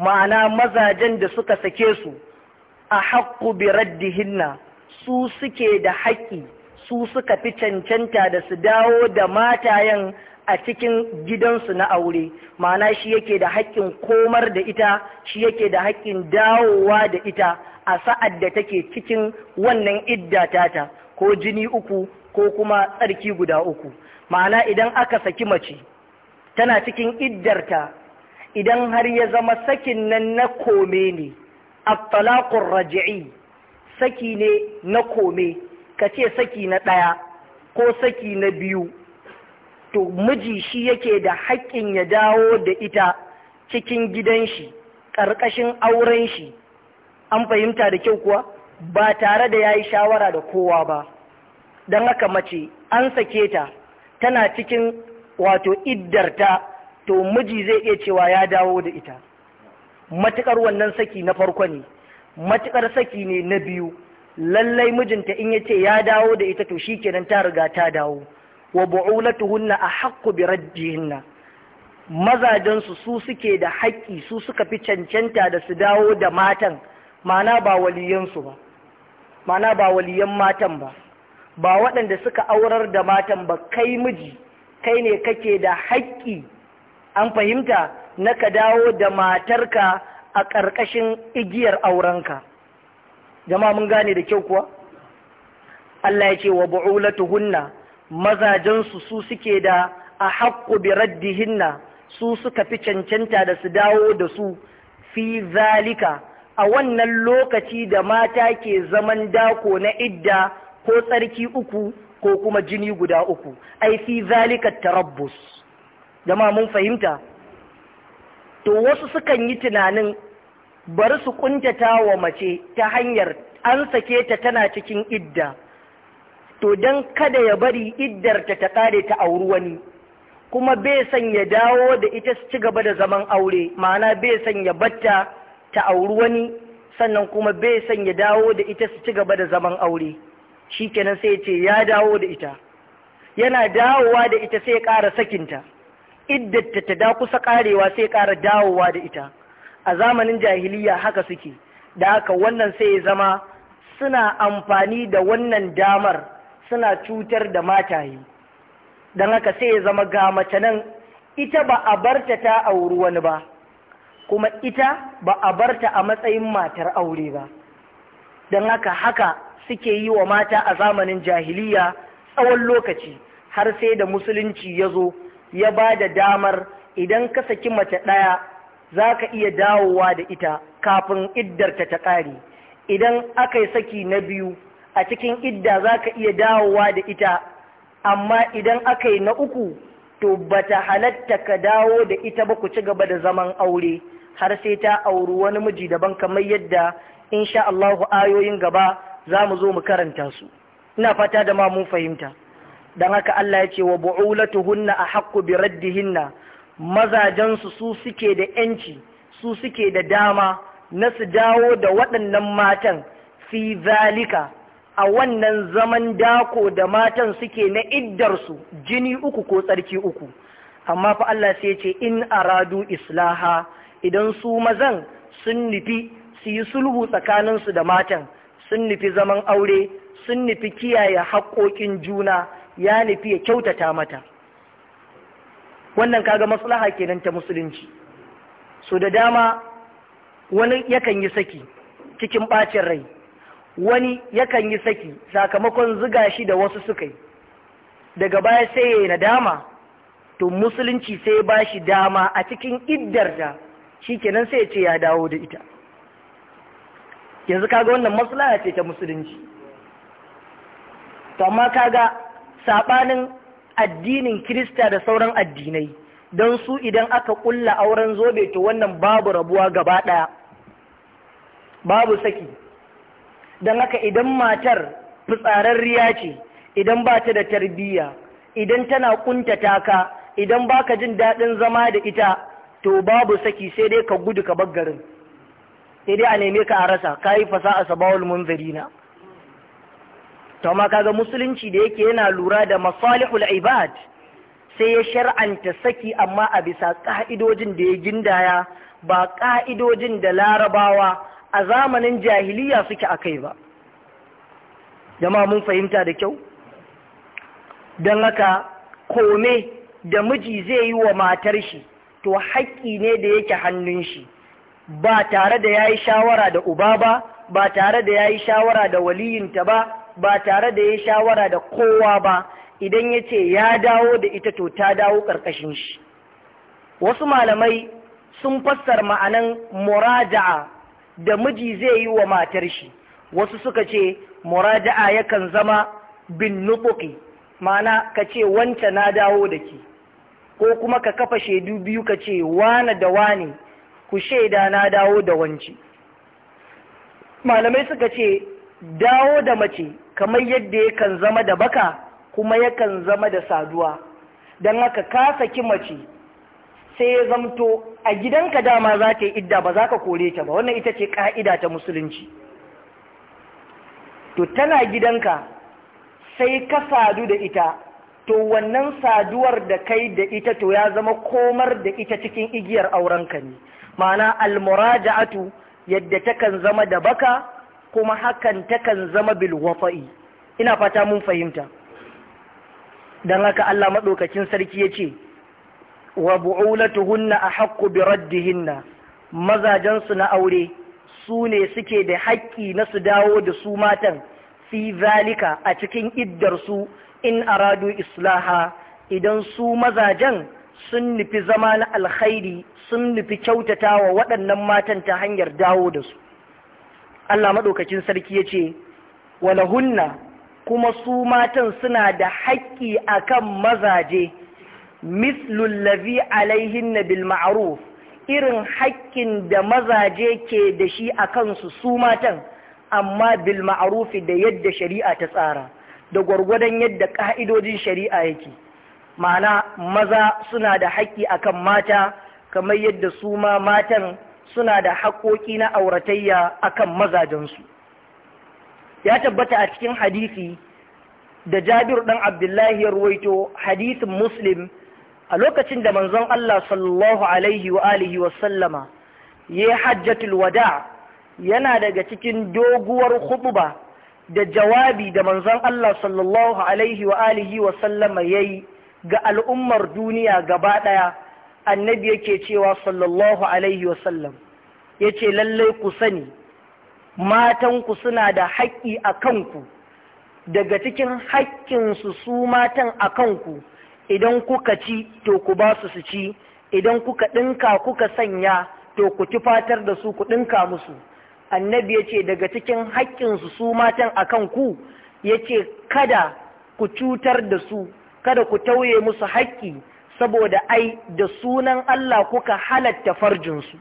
ma'ana mazajen da suka sake su a haƙƙu bi hinna, su suke da haƙƙi su suka fi cancanta da su dawo da matayen a cikin gidansu na aure ma'ana shi yake da haƙƙin komar da ita shi yake da haƙƙin dawowa da ita a sa'ad da take cikin wannan idda tata ko jini uku ko kuma tsarki guda uku ma'ana idan aka saki mace tana cikin iddarta idan har ya zama sakin nan na kome ne at raja'i saki ne na kome ka ce saki na ɗaya ko saki na biyu to miji shi yake da haƙƙin ya dawo da ita cikin gidan shi ƙarƙashin auren shi an fahimta da kyau kuwa ba tare da ya yi shawara da kowa ba don haka mace an sake ta tana cikin wato iddarta to miji zai iya cewa ya dawo da ita matukar wannan saki na farko ne matukar saki ne na biyu lallai mijinta in ya ce ya dawo da ita to shikenan ta riga ta dawo wa bu'ulatuhunna ahaqqu bi raddihinna mazajensu su su suke da haƙƙi su suka fi cancanta da su dawo da matan mana ba su ba mana ba waliyan matan ba ba waɗanda suka aurar da matan ba kai miji kai ne kake da haƙƙi an fahimta na ka dawo da matarka a ƙarƙashin igiyar aurenka jama'a mun gane da kyau kuwa Allah ya ce wa hunna mazajensu su suke da a haƙƙu biraddi raddihinna su suka fi cancanta da su dawo da su fi zalika a wannan lokaci da mata ke zaman dako na idda ko tsarki uku ko kuma jini guda uku ai fi zalika tarabbus jama'a mun fahimta to wasu sukan yi tunanin bari su kuntata wa mace ta hanyar an sake ta tana cikin idda to don kada ya bari iddarta ta ƙare ta auri wani kuma bai son ya dawo da ita su ci gaba da zaman aure ma'ana bai son ya batta ta auri wani sannan kuma bai son ya dawo da ita su ci gaba da zaman aure shi kenan sai ce ya dawo da ita yana dawowa da ita sai ya ƙara sakinta iddata ta da kusa karewa sai ƙara dawowa da ita a zamanin jahiliya haka suke da haka wannan sai ya zama suna amfani da wannan damar suna cutar da mataye don haka sai ya zama ga mace nan ita ba a barta ta auri wani ba kuma ita ba a barta a matsayin matar aure ba don haka haka suke yi wa mata a zamanin jahiliya tsawon lokaci har sai da musulunci ya zo ya ba da damar idan ka saki mace ɗaya za ka iya dawowa da ita kafin iddarta ta ƙare idan aka yi saki na biyu a cikin idda za ka iya dawowa da ita amma idan aka yi na uku to bata halatta ka dawo da ita ba ku ci gaba da zaman aure har sai ta auri wani miji daban kamar yadda insha Allahu ayoyin gaba za mu zo mu karanta su ina fata da ma mun fahimta don haka Allah ya ce wa bu'ulatuhunna a haƙƙu bi raddihinna mazajensu su suke da ‘yanci su suke da dama na su dawo da waɗannan matan fi zalika a wannan zaman dako da matan suke na iddarsu jini uku ko tsarki uku amma fa Allah sai ce in aradu islaha idan su mazan sun nufi su yi sulhu tsakaninsu da matan sun nufi zaman aure sun nufi kiyaye haƙoƙin juna ya nufi ya kyautata mata wannan kaga maslaha kenan ta musulunci so da dama wani yakan yi saki cikin bacin rai wani yakan yi saki sakamakon zuga shi da wasu suka yi daga baya sai ya yi nadama to musulunci sai ba shi dama a cikin iddarta shi kenan sai ya ce ya dawo da ita yanzu kaga wannan maslaha ce ta musulunci to amma kaga saɓanin addinin Kirista da sauran addinai don su idan aka ƙulla auren zobe to wannan babu rabuwa gaba ɗaya babu saki don haka idan matar fitsararriya ce idan ba ta da tarbiyya idan tana ƙuntata taka, idan ba ka jin daɗin zama da ita to babu saki sai dai ka gudu ka baggarin sai dai a neme ka a rasa ka yi fasa a sabawul na. to amma kaga musulunci da yake yana lura da masalihul ibad sai ya shar'anta saki amma a bisa ka'idojin da ya gindaya ba ka'idojin da larabawa a zamanin jahiliya suke akai ba jama'a mun fahimta da kyau dan haka kome da miji zai yi wa matar shi to haƙƙi ne da yake hannun shi ba tare da ya yi shawara da uba ba ba tare da ya yi shawara da waliyinta ba ba tare da ya shawara da kowa ba idan ya ce ya dawo da ita to ta dawo ƙarƙashin shi wasu malamai sun fassar ma'anan muraja'a da miji zai yi wa matar shi wasu suka ce muraja'a yakan zama bin nufuki ma'ana ka ce wance na dawo da ki ko kuma ka kafa shaidu biyu ka ce wane da wane ku shaida na dawo da wance malamai suka ce dawo da mace kamar yadda yakan zama da baka kuma yakan zama da saduwa don haka ka saki mace sai ya zamto a gidanka dama za ta yi idda ba za ka kore ta ba wannan ita ce ka'ida ta musulunci to tana gidanka sai ka sadu da ita to wannan saduwar da kai da ita to ya zama komar da ita cikin igiyar auren ka ne ma'ana almuraja'atu yadda takan zama da baka kuma hakan takan zama bil ina fata mun fahimta dan haka Allah madaukakin sarki yace wa bu'ulatuhunna ahaqqu bi raddihinna mazajan su na aure su ne suke da haƙƙi na su dawo da su matan fi zalika a cikin iddar su in aradu islaha idan su mazajen sun nufi zama na alkhairi sun nufi kyautatawa waɗannan matan ta hanyar dawo da su Allah maɗaukakin sarki ya yace walahunna kuma su matan suna da haƙƙi akan mazaje mislul ladhi alaihinna bilma'aruf, irin haƙƙin da mazaje ke da shi a kansu su matan amma bilma'arufi da yadda shari'a ta tsara da gwargwadon yadda ƙa'idojin shari'a yake ma'ana maza suna da haƙƙi akan mata kamar yadda su ma matan suna da haƙoƙi na auratayya akan mazajensu ya tabbata a cikin hadisi da jabir ɗan abdullahi ya ruwaito hadisin muslim a lokacin da manzon Allah sallallahu alaihi wa alihi wa sallama ya hajjatul wada yana daga cikin doguwar khutba da jawabi da manzon Allah sallallahu alaihi wa alihi wa sallama yayi ga al'ummar duniya gaba ɗaya annabi yake cewa sallallahu alaihi wa sallam ya ce lallai ku sani matanku suna da haƙƙi a kanku daga cikin haƙƙinsu su matan a kanku idan kuka ci to ku ba su su ci idan kuka ɗinka kuka sanya to ku tufatar da su ku ɗinka musu annabi ya ce daga cikin haƙƙinsu su matan a kanku ya ce kada ku cutar da su kada ku tauye musu haƙƙi saboda ai da sunan Allah kuka halatta farjinsu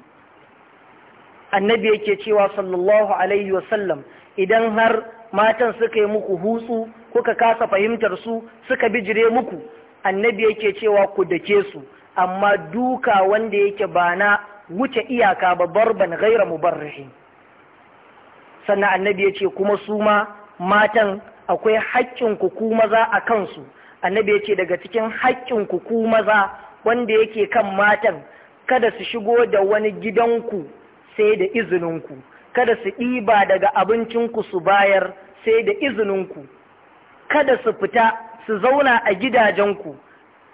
annabi yake cewa sallallahu alaihi wasallam idan har matan suka yi muku hutsu kuka kasa fahimtar su suka bijire muku annabi yake cewa ku dake su amma duka wanda yake ba na wuce iyaka ba barban gaira mubarrihi sannan annabi ya ce kuma su ma matan akwai haƙƙin ku ku maza a kansu annabi ya ce daga cikin haƙƙin ku maza wanda yake kan matan kada su shigo da wani gidanku sai da izininku kada su ɗiba daga abincinku su bayar sai da izininku kada su fita su zauna a gidajen ku.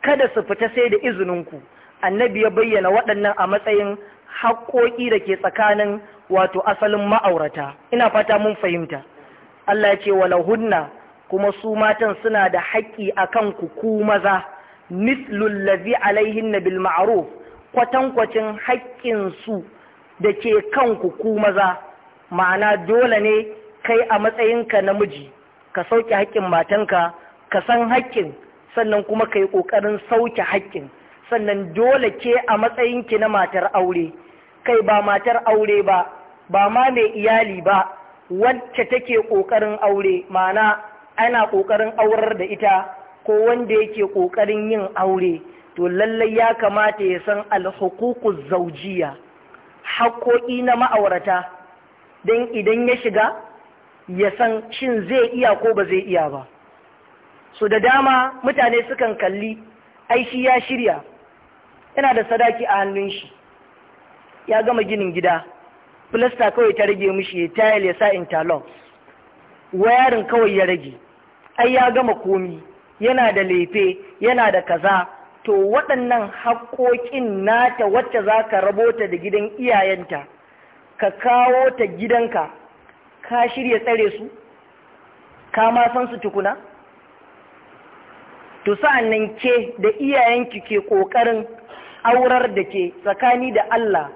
kada su fita sai da izininku annabi ya bayyana waɗannan a matsayin haƙoƙi da ke tsakanin wato asalin ma'aurata ina fata mun fahimta Allah ya ce walahunna kuma su matan suna da haƙƙi akan ku ku maza mislul ladhi alaihinna bil ma'ruf kwatankwacin haƙƙin su da ke kanku ku maza ma'ana dole ne kai a matsayinka namiji ka sauke haƙƙin matanka ka san haƙƙin sannan kuma ka yi ƙoƙarin sauke haƙƙin sannan dole ke a matsayinki na matar aure kai ba matar aure ba ba ma mai iyali ba wacce take ƙoƙarin aure ma'ana ana ƙoƙarin aurar da ita ko wanda yake ƙoƙarin yin aure to lallai ya kamata ya san alhuququz zaujiya. Hakkoki na ma'aurata don idan ya shiga ya san shin zai iya ko ba zai iya ba so da dama mutane sukan kalli shi ya shirya yana da sadaki a hannun shi ya gama ginin gida filasta kawai ta rage mishi ya tayal ya sa interlock wayarin kawai ya rage ai ya gama komi yana da lefe yana da kaza to waɗannan haƙoƙin nata wacce za ka rabota da gidan iyayenta ka kawo ta gidanka ka shirya tsare su ka ma san su tukuna to sa'an ke da iyayenki ke ƙoƙarin aurar da ke tsakani da Allah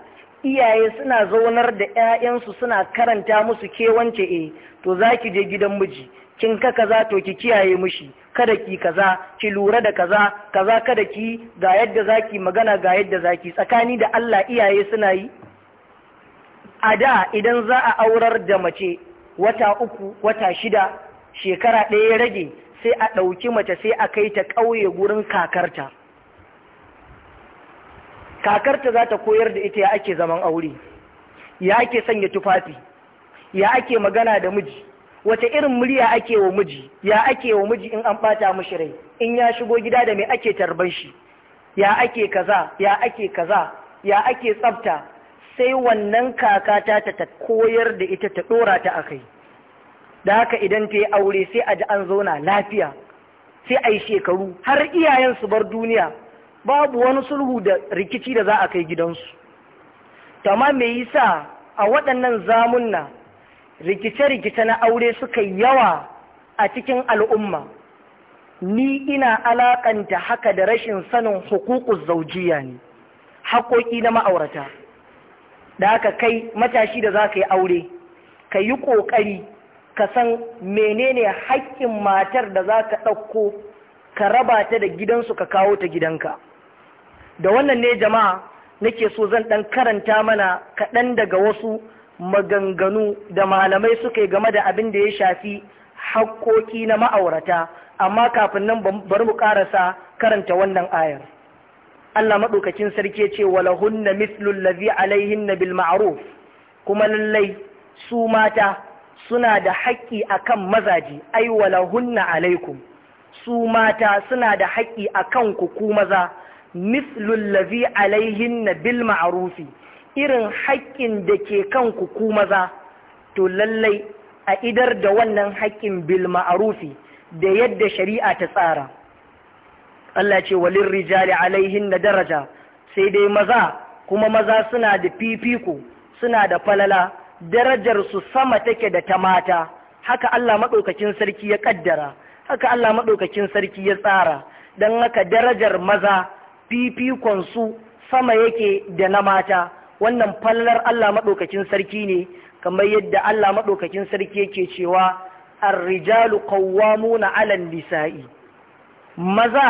iyaye suna zaunar da 'ya'yansu suna karanta musu kewance e eh, to za ki je gidan miji kin kaka za to ki kiyaye mushi kada ki kaza ki lura da kaza kaza kada ki ga yadda zaki magana ga yadda zaki tsakani da Allah iyaye suna yi a da idan za a aurar da mace wata uku wata shida shekara ɗaya ya rage sai a ɗauki mace sai a kai ta ƙauye gurin kakarta kakarta za ta koyar da ita ya ake zaman aure ya ake sanya tufafi ya ake magana da miji wace irin murya ake wa miji ya ake wa miji in an bata mishi rai in ya shigo gida da mai ake tarban shi ya ake kaza ya ake kaza ya ake tsafta sai wannan kaka ta ta koyar da ita ta dora ta akai da haka idan ta yi aure sai a ji an zauna lafiya sai a yi shekaru har iyayen su bar duniya babu wani sulhu da rikici da za a kai gidansu Tama me yasa a waɗannan zamunna rikice-rikice na aure suka yawa a cikin al'umma ni ina alaƙanta haka da rashin sanin hukukun zaujiya ne haƙoƙi na ma'aurata da aka kai matashi da za ka yi aure ka yi ƙoƙari ka san menene haƙƙin matar da za ka ɗauko ka raba ta da gidansu ka kawo ta gidanka da wannan ne jama'a nake so zan ɗan karanta mana kaɗan daga wasu maganganu da malamai suka yi game da abin da ya shafi hakkoki na ma'aurata amma kafin nan bari mu karasa karanta wannan ayar Allah maɗaukakin sarki yace walahunna mislul ladhi alaihinna bil ma'ruf kuma lallai su mata suna da haƙƙi akan mazaji ai walahunna alaikum su mata suna da haƙƙi akan ku ku maza mislul ladhi alaihinna bil ma'rufi irin haƙƙin da ke kan ku maza to lallai a idar da wannan haƙƙin bil ma'arufi da yadda shari'a ta tsara Allah ce walin rijali alaihin da daraja sai dai maza kuma maza suna da fifiko suna da falala darajarsu sama take da ta mata haka Allah maɗaukakin sarki ya ƙaddara haka Allah maɗaukakin sarki ya tsara don haka darajar maza fifikonsu sama yake da na mata wannan falalar Allah maɗaukakin sarki ne kamar yadda Allah maɗaukakin sarki yake cewa ar-rijalu qawwamuna 'alan nisa'i maza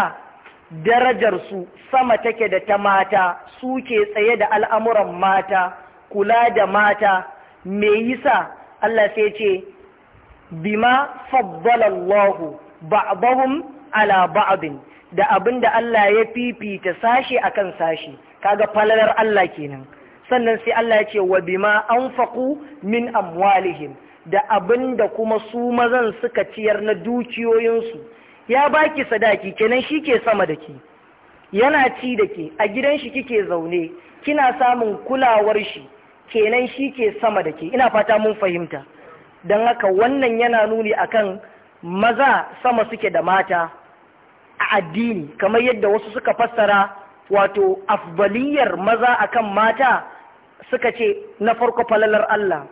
darajarsu sama take da ta mata suke tsaye da al'amuran mata kula da mata me yasa Allah sai ce bima faddalallahu ba'dahum ala ba'din da abinda Allah ya fifita sashi akan sashi kaga falalar Allah kenan sannan sai Allah ya ce wa bima anfaqu min amwalihim da abinda kuma su mazan suka ciyar na dukiyoyinsu ya baki sadaki kenan shi ke sama da ke. yana ci da ke a gidan shi kike zaune kina samun kulawar shi kenan shi ke sama da ke ina fata mun fahimta don haka wannan yana nuni akan maza sama suke da mata a addini kamar yadda wasu suka fassara wato afbaliyar maza akan mata suka ce na farko falalar Allah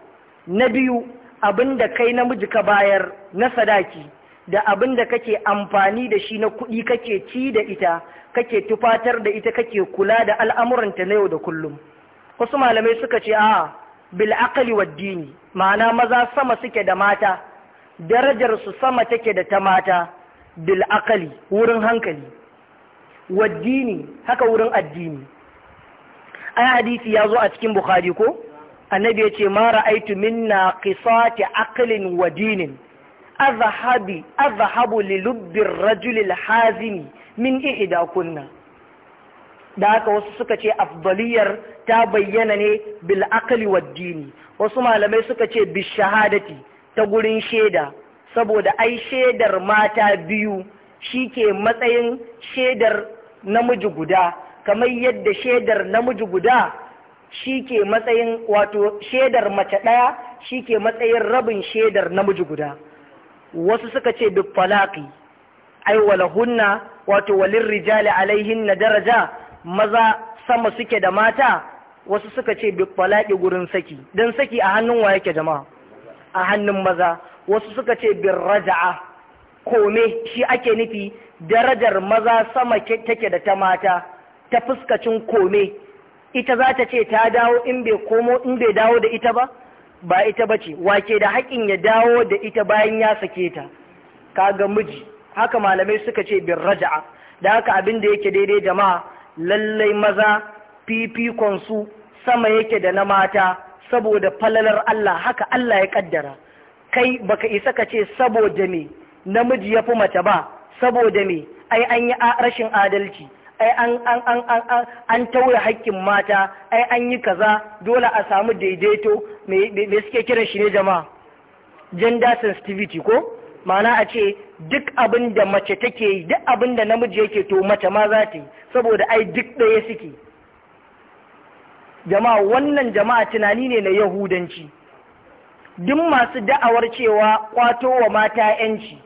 na biyu abin da kai namiji ka bayar na sadaki da abin da kake amfani da shi na kuɗi kake ci da ita kake tufatar da ita kake kula da al'amuranta na yau da kullum wasu malamai suka ce a bil'akali waddini ma'ana maza sama suke da mata darajar su sama take da ta mata bil'akali wurin hankali waddini haka wurin addini ai hadisi ya zo a cikin bukhari ko annabi ya ce mara aitu minna qisati aqlin wa dinin azhabi azhabu li lubbi rajul hazimi min ihda kunna da haka wasu suka ce afdaliyar ta bayyana ne bil aqli wa dini wasu malamai suka ce bi shahadati ta gurin shaida saboda ai shaidar mata biyu shi ke matsayin shaidar namiji guda kamar yadda shaidar namiji guda shi ke matsayin wato shaidar mace ɗaya shi ke matsayin rabin shaidar namiji guda wasu suka ce duk falaki ai walahunna wato walin rijali alaihin na daraja maza sama suke da mata wasu suka ce duk falaki gurin saki don saki a hannun wa yake jama'a a hannun maza wasu suka ce bin raja'a kome shi ake nufi darajar maza sama take da ta mata ta fuskacin kome ita za ta ce ta dawo in bai komo in bai dawo da ita ba ba ita ba ce wake da haƙin ya dawo da ita bayan ya sake ta kaga miji haka malamai suka ce bin raja'a da haka abin da yake daidai jama'a lallai maza fifikon su sama yake da na mata saboda falalar Allah haka Allah ya kaddara kai baka isa ka ce saboda me namiji ya fi mace ba saboda me ai an yi rashin adalci ai an an an an an taura haƙƙin mata ai an yi kaza dole a samu daidaito me suke kiran shi ne jama'a gender sensitivity ko ma'ana a ce duk abin da mace take yi duk abin da namiji yake to mace ma za ta yi saboda ai duk ɗaya suke jama'a wannan jama'a tunani ne na yahudanci duk masu da'awar cewa kwato wa mata yanci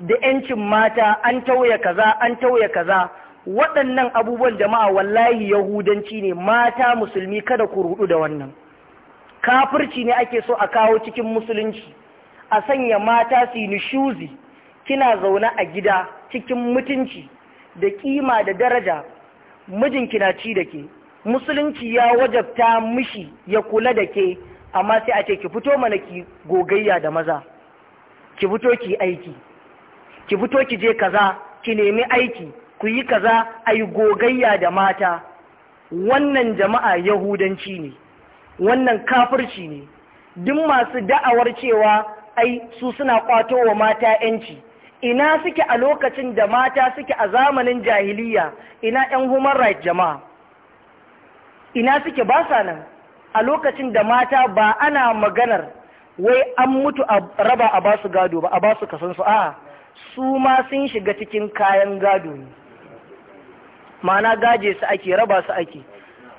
da yancin mata an tauye kaza an tauye kaza waɗannan abubuwan jama'a wallahi yahudanci ne mata musulmi kada ku rudu da wannan kafirci ne ake so a kawo cikin musulunci a sanya mata su yi shuzi kina zaune a gida cikin mutunci da kima da daraja mijinki na ci da ke musulunci ya wajabta mishi ya kula da ke amma sai a ce ki fito mana ki gogayya da maza ki fito ki aiki ki fito ki je kaza ki nemi aiki ku yi kaza a yi gogayya da mata wannan jama'a yahudanci ne wannan kafirci ne duk masu da'awar cewa ai su suna kwato wa mata yanci ina suke a lokacin da mata suke a zamanin jahiliya ina yan human rights jama'a ina suke ba sa nan a lokacin da mata ba ana maganar wai an mutu a raba a basu gado ba a basu kasansu a'a su ma sun shiga cikin kayan gado ne ma'ana gaje su ake raba su ake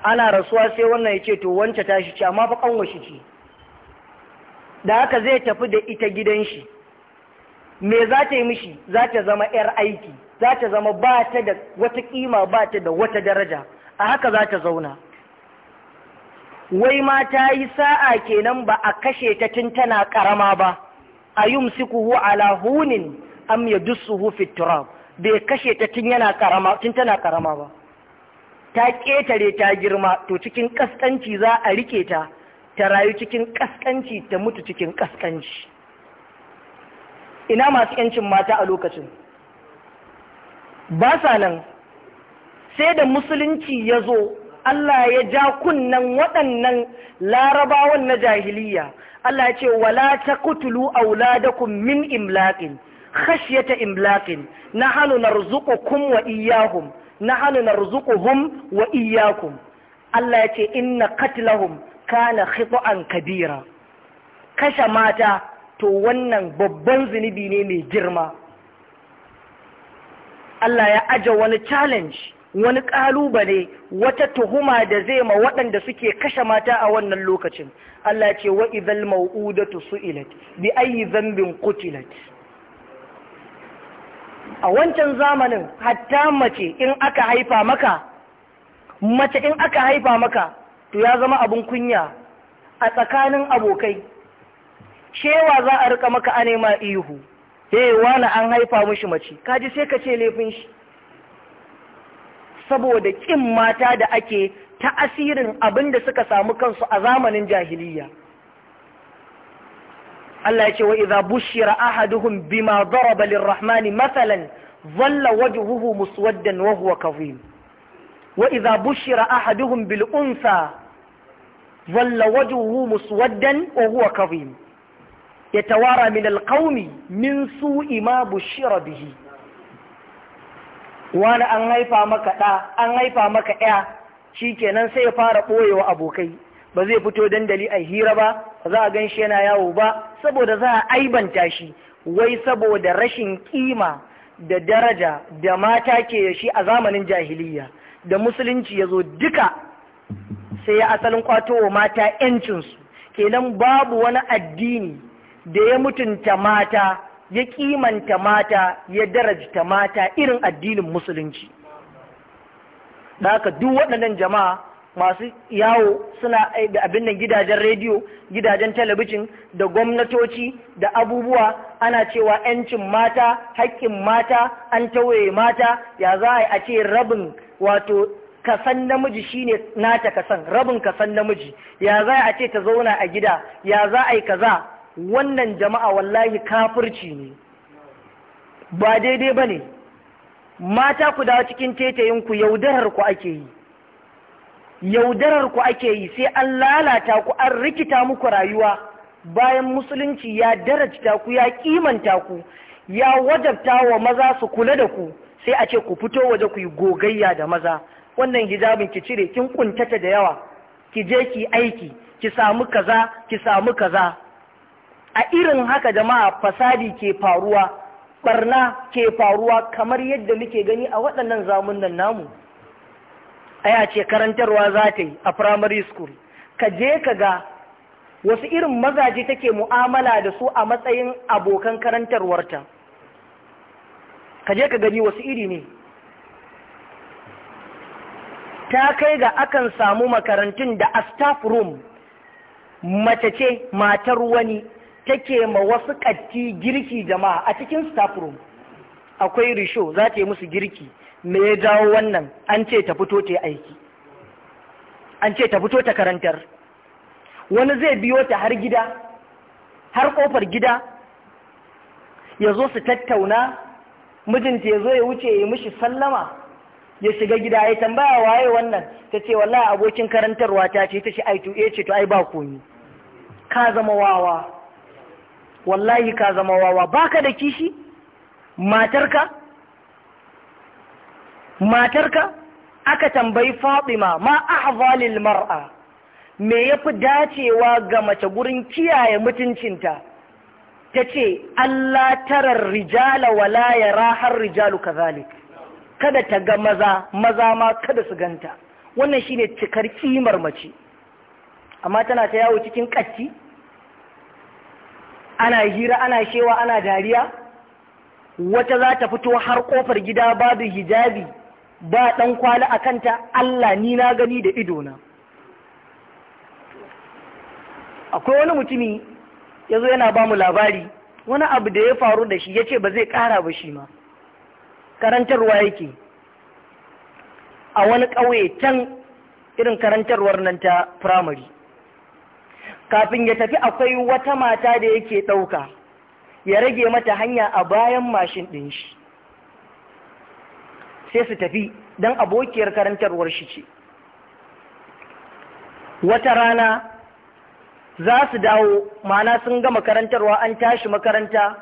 ana rasuwa sai wannan ya ce to wance shi ce amma fa kanwa shi ce da haka zai tafi da ita gidan shi me za ta yi mishi za ta zama yar aiki za ta zama ba ta da wata kima ba ta da wata daraja a haka za ta zauna wai ma ta yi sa'a kenan ba a kashe ta tun tana karama ba a yumsikuhu ala hunin am yadussuhu fit turab bai kashe ta tun yana karama tun tana karama ba ta ƙetare ta girma to cikin kaskanci za a rike ta ta rayu cikin kaskanci ta mutu cikin kaskanci ina masu yancin mata a lokacin ba sa nan sai da musulunci ya zo Allah ya ja kunnan waɗannan larabawan na jahiliya Allah ya ce wala ta taqtulu auladakum min imlaqin khashyata imlaqin nahnu narzuqukum wa iyyahum nahnu narzuquhum wa iyyakum Allah ya ce inna qatlahum kana khita'an kabira kashe mata to wannan babban zunubi ne mai girma Allah ya aje wani challenge wani kalubale wata tuhuma da zai ma waɗanda suke kashe mata a wannan lokacin Allah ce wa idhal mau'udatu su'ilat bi ayyi dhanbin qutilat a wancan zamanin hatta mace in aka haifa maka mace in aka haifa maka to ya zama abin kunya a tsakanin abokai shewa za a rika maka a nema ihu eh wani an haifa mushi mace kaji sai ka ce laifin shi saboda ƙin mata da ake ta asirin abin da suka samu kansu a zamanin jahiliya Allah ya ce wa idza bushira ahaduhum bima daraba lirrahmani mathalan dhalla wajhuhu muswaddan wa huwa kadhim wa idza bushira ahaduhum bil unsa dhalla wajhuhu muswaddan wa huwa kadhim yatawara min al qaumi min su'i ma bushira bihi wani an haifa maka ɗa an haifa maka ɗaya shi kenan sai ya fara ɓoyewa abokai ba zai fito dandali a hira ba ba za a gan shi yana yawo ba saboda za a aibanta shi wai saboda rashin kima da daraja da mata ke shi a zamanin jahiliya da musulunci ya zo duka sai ya asalin wa mata 'yancinsu kenan babu wani addini da ya mutunta mata ya kimanta mata ya darajta mata irin addinin musulunci da haka duk waɗannan jama'a masu yawo suna eh, da abin nan gidajen rediyo gidajen talabijin da gwamnatoci da abubuwa ana cewa 'yancin mata haƙƙin mata an tawaye mata ya za a ce rabin wato kasan namiji shine nata kasan rabin kasan namiji ya za a ce ta zauna a gida ya za a yi kaza wannan jama'a wallahi kafirci ne ba daidai ba ne mata ku dawo cikin tetayinku yaudarar ku ake yi yaudarar ku ake yi sai an lalata ku an rikita muku rayuwa bayan musulunci ya darajta ku ya kimanta ku ya wajabta wa maza su kula da ku sai a ce ku fito waje ku yi gogayya da maza wannan hijabin ki cire kin kuntata da yawa ki je ki aiki ki samu kaza ki samu kaza a irin haka jama'a fasadi ke faruwa barna ke faruwa kamar yadda muke gani a waɗannan zamunan namu ya ce karantarwa za ta yi a primary school ka je ka ga wasu irin mazaje take mu'amala da su a matsayin abokan karantarwarta ka je ka gani wasu iri ne ta kai ga akan samu makarantun da a staff room mace ce matar wani take ma wasu ƙatti girki jama'a a cikin staff room akwai risho za ta yi musu girki me ya jawo wannan an ce ta fito ta aiki an ce ta fito ta karantar wani zai biyo ta har gida har kofar gida ya zo su tattauna mijinta ya zo ya wuce ya yi mishi sallama ya shiga gida ya tambaya waye wannan ta ce wallahi abokin karantarwa ta ce ta ce ai to ce to ai ba komi ka zama wawa wallahi ka zama wawa baka da kishi matarka matarka aka tambayi fatima ma ahvalil mar'a me yafi dacewa ga mace gurin kiyaye mutuncinta ta ce Allah tarar rijala wala ya rahar rijalu kazalik kada ta ga maza maza ma kada su ganta wannan shine cikar kimar mace amma tana ta yawo cikin ƙatti ana hira ana shewa ana dariya wata za ta fito har ƙofar gida babu hijabi ba ɗan kwali a kanta Allah ni na gani da idona akwai wani mutumi ya zo yana ba mu labari wani abu da ya faru da shi ya ce ba zai ƙara ba shi ma karantarwa yake a wani ƙauye can irin karantarwar nan ta firamari kafin ya tafi akwai wata mata da yake ɗauka ya rage mata hanya a bayan mashin ɗin shi sai su tafi don abokiyar karantarwar shi ce wata rana za su dawo mana sun gama karantarwa an tashi makaranta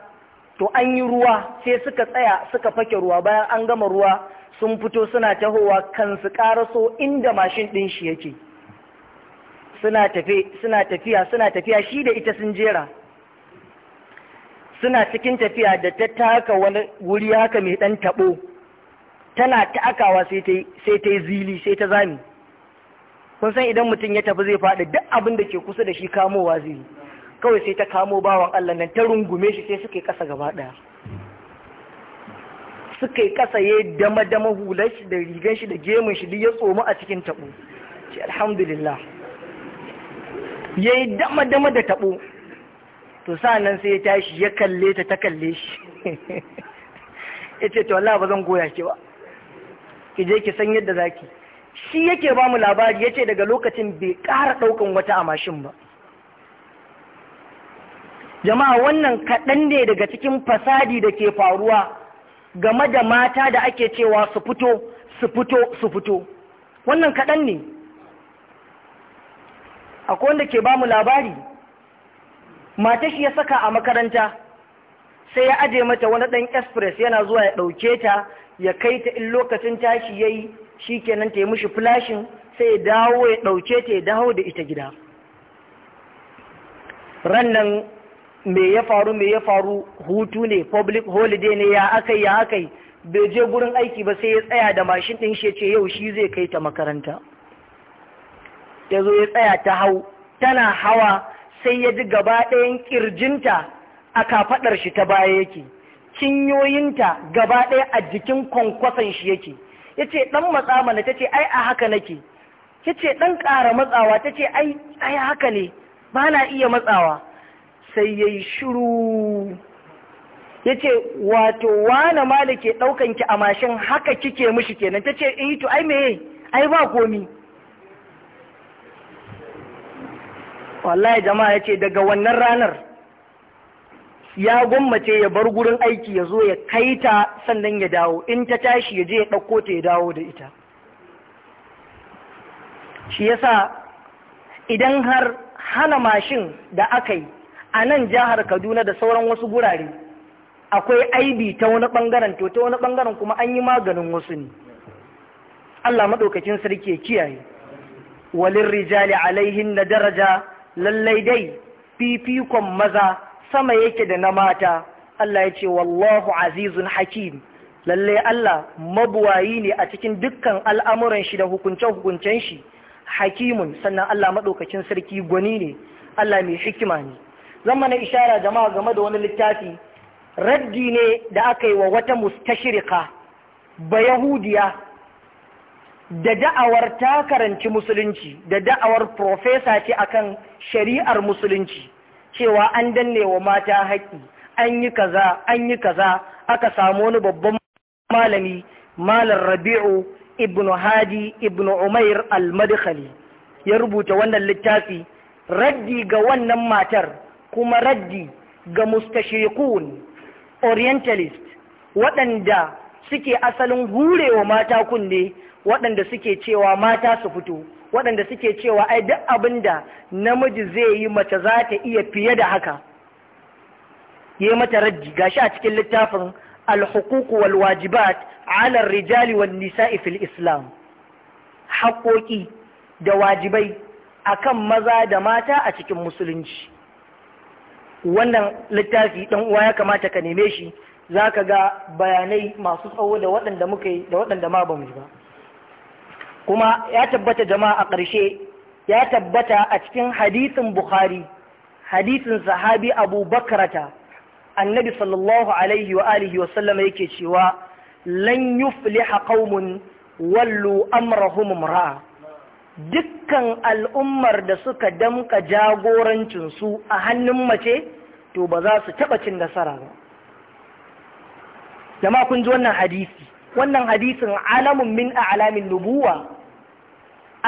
to an yi ruwa sai suka tsaya suka fake ruwa bayan an gama ruwa sun fito suna tahowa kan su karaso inda mashin ɗin shi yake suna tafe suna tafiya suna tafiya shi da ita sun jera suna cikin tafiya da ta taka wani wuri haka mai ɗan taɓo tana ta'akawa sai ta yi zili sai ta zami kun san idan mutum ya tafi zai faɗi duk abin da ke kusa da shi kamowa zai kawai sai ta kamo bawan Allah nan ta rungume shi sai suka yi ƙasa gaba ɗaya suka yi ƙasa ya dama dama hular shi da rigan shi da gemun shi duk ya tsoma a cikin taɓo ce alhamdulillah ya yi dama dama da taɓo to nan sai ya tashi ya kalle ta ta kalle shi ya ce to Allah ba zan goya ki ba ki je ki san yadda zaki shi yake ba mu labari yace daga lokacin bai ƙara ɗaukan wata a mashin ba jama'a wannan kaɗan ne daga cikin fasadi da ke faruwa game da mata da ake cewa su fito su fito su fito wannan kaɗan ne akwai wanda ke ba mu labari mata shi ya saka a makaranta sai ya aje mata wani ɗan express yana zuwa ya ɗauke ta ya kai ta in lokacin tashi yayi kenan ta yi mushi flashin sai ya dawo ya ɗauke ta ya dawo da ita gida rannan me ya faru me ya faru hutu ne public holiday ne ya akai ya akai bai je gurin aiki ba sai ya tsaya da mashin ɗin shi ce yau shi zai kai ta makaranta ya zo ya tsaya ta hau tana hawa sai ya ji gaba ɗayan kirjinta a kafaɗar shi ta baya yake cinyoyinta gaba ɗaya a jikin kwankwason shi yake ya ce ɗan matsa mana ta ce ai a haka nake ya ce ɗan ƙara matsawa ta ce ai haka ne ba na iya matsawa sai ya yi shiru ya ce wato wane ma da ke ɗaukanki a mashin haka kike mishi kenan ta ce in eh, yi to ai meye ai ba komi wallahi jama'a ya ce daga wannan ranar ya gwammace ya bar gurin aiki ya zo ya kai ta sannan ya dawo in ta tashi ya je ya ɗauko ta ya dawo da ita shi yasa idan har hana mashin da aka yi a nan jihar kaduna da sauran wasu gurare akwai aibi ta wani ɓangaren to ta wani ɓangaren kuma an yi maganin wasu ne allah maɗaukacin sarki ya kiyaye walin rijali alaihin na daraja lallai dai fifikon maza sama yake da na mata Allah ya ce wallahu azizun hakim lalle Allah mabuwayi ne a cikin dukkan al'amuran shi da hukunce-hukuncen shi hakimun sannan Allah maɗaukacin sarki gwani ne Allah mai hikima ne zan mana ishara jama'a game da wani littafi raddi ne da aka yi wa wata mustashirika ba yahudiya da da'awar ta karanci musulunci da da'awar profesa ce akan shari'ar musulunci cewa an danne wa mata haƙƙi an yi kaza an yi kaza aka samu wani babban malami malar rabi'u ibnu hadi ibnu umair al-madkhali ya rubuta wannan littafi raddi ga wannan matar kuma raddi ga mustashikun orientalist waɗanda suke asalin hurewa mata kunne waɗanda suke cewa mata su fito waɗanda suke cewa ai duk abin da namiji zai yi mace za ta iya fiye da haka yi mata rajji shi a cikin littafin alhukuku walwajibat alar rijali wal nisa'i fil islam haƙoƙi da wajibai akan maza da mata a cikin musulunci wannan littafi ɗan uwa ya kamata ka neme shi za ka ga bayanai masu tsawo da waɗanda muka yi da waɗanda ma bamu yi ba kuma ya tabbata jama'a a ƙarshe ya tabbata a cikin hadisin bukhari hadisin sahabi abu bakarata annabi sallallahu alaihi wa alihi wa sallama yake cewa lan yufliha qaumun wallu amrahum ra'a dukkan al'ummar da suka damka jagorancin su a hannun mace to ba za su taɓa cin nasara ba Jama'a kun ji wannan hadisi wannan hadisin alamun min a'lamin nubuwa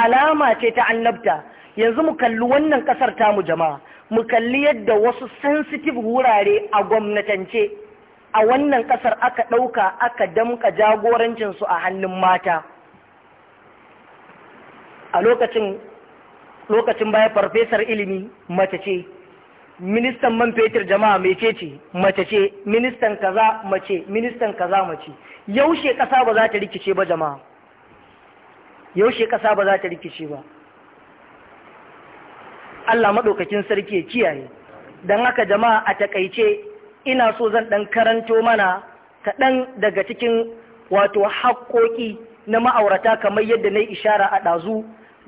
alama ce ta annabta yanzu mu kalli wannan kasar tamu jama'a mu kalli yadda wasu sensitive wurare a gwamnatance a wannan kasar aka ɗauka aka damka jagorancinsu a hannun mata a lokacin lokacin baya farfesar ilimi mace ce ministan man fetur jama'a mece ce mace ce ministan kaza mace ministan kaza mace yaushe kasa ba za ta rikice ba jama'a yaushe ƙasa ba za ta rikice ba Allah maɗaukakin sarki ya kiyaye don haka jama'a a takaice ina so zan ɗan karanto mana kaɗan daga cikin wato haƙoƙi na ma'aurata kamar yadda na yi ishara a ɗazu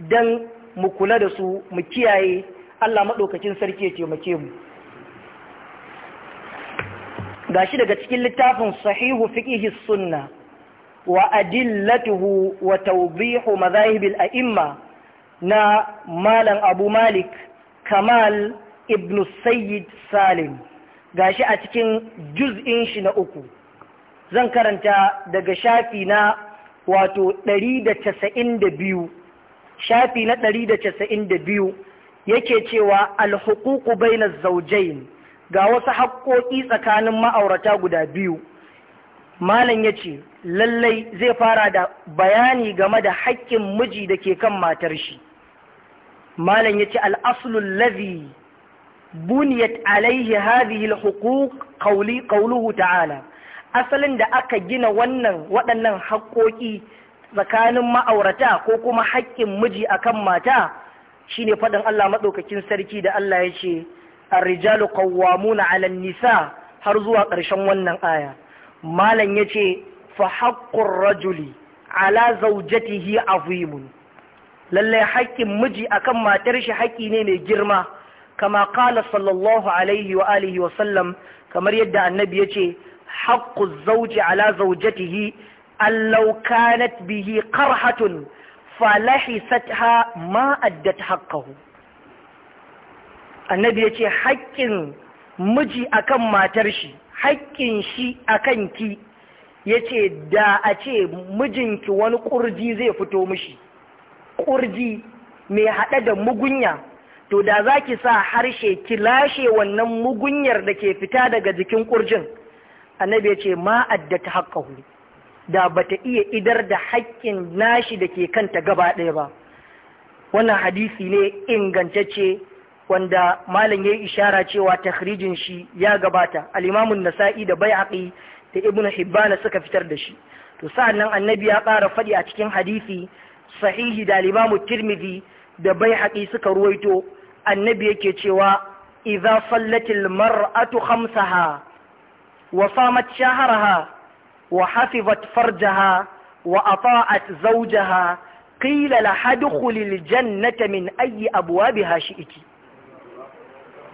don mu kula da su mu kiyaye Allah maɗaukakin sarki ya taimake mu gashi daga cikin littafin sahihu fiƙihis sunna wa adillatuhu wa وتوضيح مذاهب aimma na malam abu malik kamal ibn sayyid salim gashi a cikin juz'in shi na uku zan karanta daga shafi na wato 192 shafi na 192 yake cewa alhuququ bainaz zawjayn ga wasu haƙƙoƙi tsakanin ma'aurata guda biyu malam ya ce lallai zai fara da bayani game da haƙƙin miji da ke kan matar shi malam ya ce al'asulun lazi buniyat alaihi hazi al-huquq ta'ala asalin da aka gina wannan waɗannan haƙƙoƙi tsakanin ma'aurata ko kuma haƙƙin miji a kan mata shine faɗin Allah maɗaukakin sarki da Allah ya ce a rijalu na 'alan nisa har zuwa ƙarshen wannan aya malam ya ce fa haƙƙun rajuli ala zaujatihi azimun lallai haƙƙin miji akan matar shi haƙƙi ne mai girma kama kala sallallahu alaihi wa alihi wa sallam kamar yadda annabi ya ce haƙƙun zauji ala zaujatihi allau kanat bihi qarhatun falahisatha ma addat haqqahu annabi ya ce haƙƙin miji akan matar shi hakkin shi a kanki ya ce da a ce mijinki wani ƙurji zai fito mishi ƙurji mai haɗe da mugunya to da za ki sa harshe ki lashe wannan mugunyar da ke fita daga jikin ƙurjin annabi ya ce ma addata haƙƙahu da bata iya idar da haƙƙin nashi da ke kanta gaba ɗaya ba wannan hadisi ne ingantacce wanda malam yayi ishara cewa takrijin shi ya gabata al-Imam nasai da Bai'aqi da Ibn hibbana suka fitar da shi to sa'annan annabi ya ƙara faɗi a cikin hadisi sahihi da al-Imam Tirmidhi da Bai'aqi suka ruwaito annabi yake cewa idza sallatil mar'atu khamsaha wa samat shahraha wa hafizat farjaha wa ata'at zawjaha qila la hadkhulil jannata min ayyi abwabiha shi'ti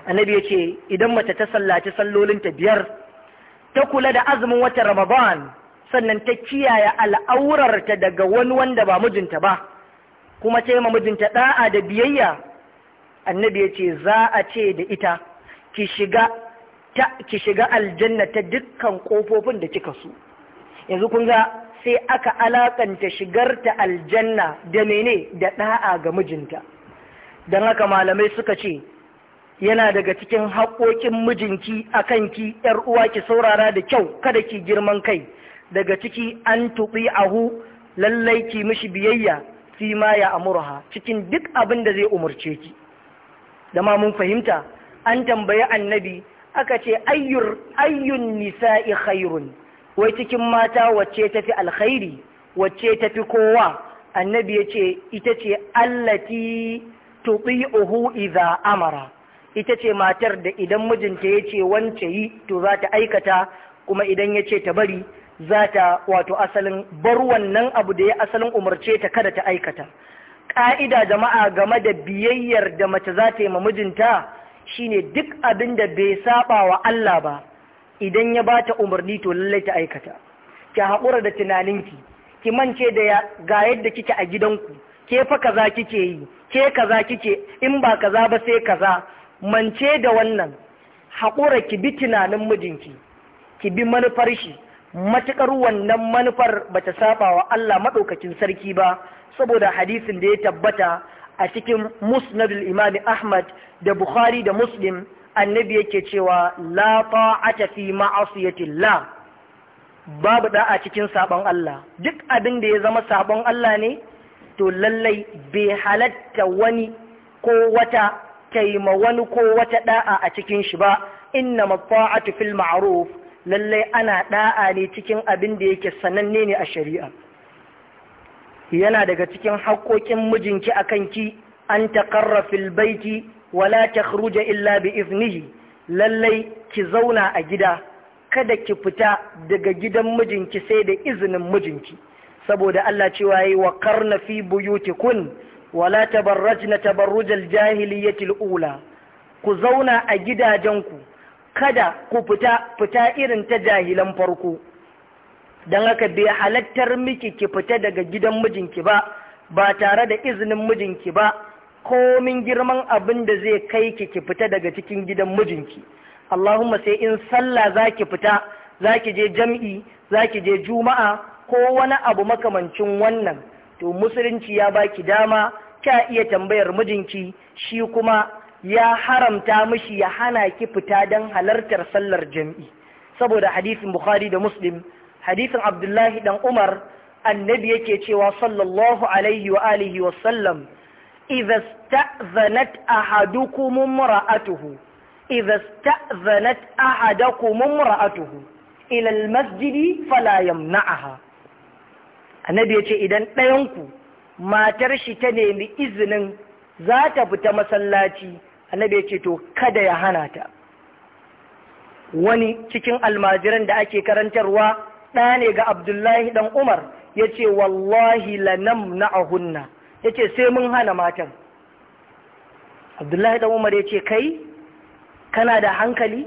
annabi ya ce idan mace ta sallaci sallolinta biyar ta kula da azumin wata ramadan sannan ta kiyaye al'aurarta daga wani wanda ba mijinta ba kuma ta yi mijinta da'a da biyayya annabi ya ce za a ce da ita ki shiga ta ki shiga aljanna ta dukkan kofofin da kika su yanzu kun ga sai aka alakanta shigarta aljanna da mene da da'a ga mijinta don haka malamai suka ce yana daga cikin haƙoƙin mijinki a kanki ‘yar uwa ki saurara da kyau kada ki girman kai daga ciki an tuɓi ahu lallai ki mishi biyayya fi ma ya amurha cikin duk abin da zai umarce ki Da ma mun fahimta an tambayi annabi aka ce ayyun nisa khairun wai cikin mata wacce tafi alkhairi wacce tafi kowa annabi ya ce ita ce allati tuɗi'uhu idza amara ita ce matar da idan mijinta ya ce wance yi to za ta aikata kuma idan ya ce ta bari za ta wato asalin bar wannan abu da ya asalin umarce ta kada ta aikata ƙa'ida jama'a game da biyayyar da mace za ta yi ma mijinta shine duk abin da bai saba wa Allah ba idan ya ba ta umarni to lallai ta aikata ki haƙura da tunaninki ki mance da ga yadda kike a gidanku ke fa kaza kike yi ke kaza kike in ba kaza ba sai kaza mance da wannan haƙura ki bi tunanin mijinki ki bi manufar shi matuƙar wannan manufar bata saba wa Allah maɗaukacin sarki ba saboda hadisin da ya tabbata a cikin musnadul imami ahmad da bukhari da muslim annabi yake cewa la ta'ata fi ma'asiyatillah babu a cikin sabon Allah duk abin da ya zama sabon Allah ne to lallai bai halatta wani ko wata ma wani ko wata da'a a cikin shi ba inna mata'atu fil ma'ruf lalle ana da'a ne cikin abin da yake sananne ne a shari'a yana daga cikin haƙoƙin mijinki a ki an taqarra fil baiti wala takhruja illa bi iznihi lalle ki zauna a gida kada ki fita daga gidan mijinki sai da izinin mijinki saboda Allah cewa yi wa karna fi buyutikun wala tabarrajna tabarrujal jahiliyyatil ula ku zauna a gidajenku kada ku fita fita irin ta jahilan farko don haka bai halattar miki ki fita daga gidan mijinki ba ba tare da izinin mijinki ba komin girman abin da zai kai ki ki fita daga cikin gidan mijinki Allahumma sai in sallah zaki fita zaki je jam'i zaki je juma'a ko wani abu makamancin wannan to musulunci ya baki dama kya iya tambayar mijinki shi kuma ya haramta mishi ya hana ki fita don halartar sallar jam'i saboda hadisin bukhari da muslim hadisin abdullahi dan umar annabi yake cewa sallallahu alaihi wa alihi wa sallam idza sta'zanat ahadukum imra'atuhu idza sta'zanat ahadukum imra'atuhu ila almasjidi fala yamna'aha annabi yace idan ɗayanku matar shi ta nemi izinin za ta fita masallaci annabi ce to kada ya hana ta wani cikin almajiran da ake karantarwa ɗane ga abdullahi dan umar ya ce wallahi lanam na'ahunna ya ce sai mun hana matar, abdullahi dan umar ya ce kai kana da hankali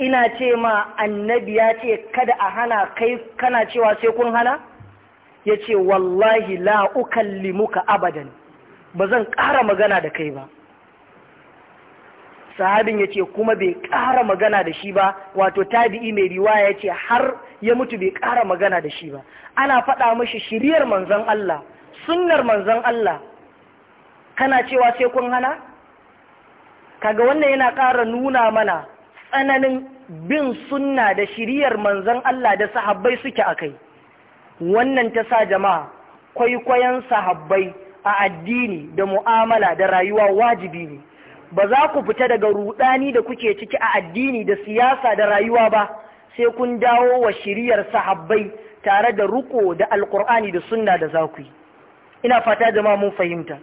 ina ce ma annabi ya ce kada a hana kai kana cewa sai kun hana ya ce wallahi la limuka abadan ba zan ƙara magana da kai ba sahabin ya ce kuma bai ƙara magana da shi ba wato tabi'i mai riwaya ya ce har ya mutu bai ƙara magana da shi ba ana faɗa mashi shiriyar manzon Allah sunnar manzon Allah kana cewa sai kun hana kaga wannan yana ƙara nuna mana tsananin bin sunna da shiriyar manzon Allah da sahabbai suke a kai wannan ta sa jama'a kwaikwayon sahabbai a addini da mu'amala da rayuwa wajibi ne ba za ku fita daga rudani da kuke ciki a addini da siyasa da rayuwa ba sai kun dawo wa shiriyar sahabbai tare da ruko da alkur'ani da sunna da zaku yi ina fata jama'a mun fahimta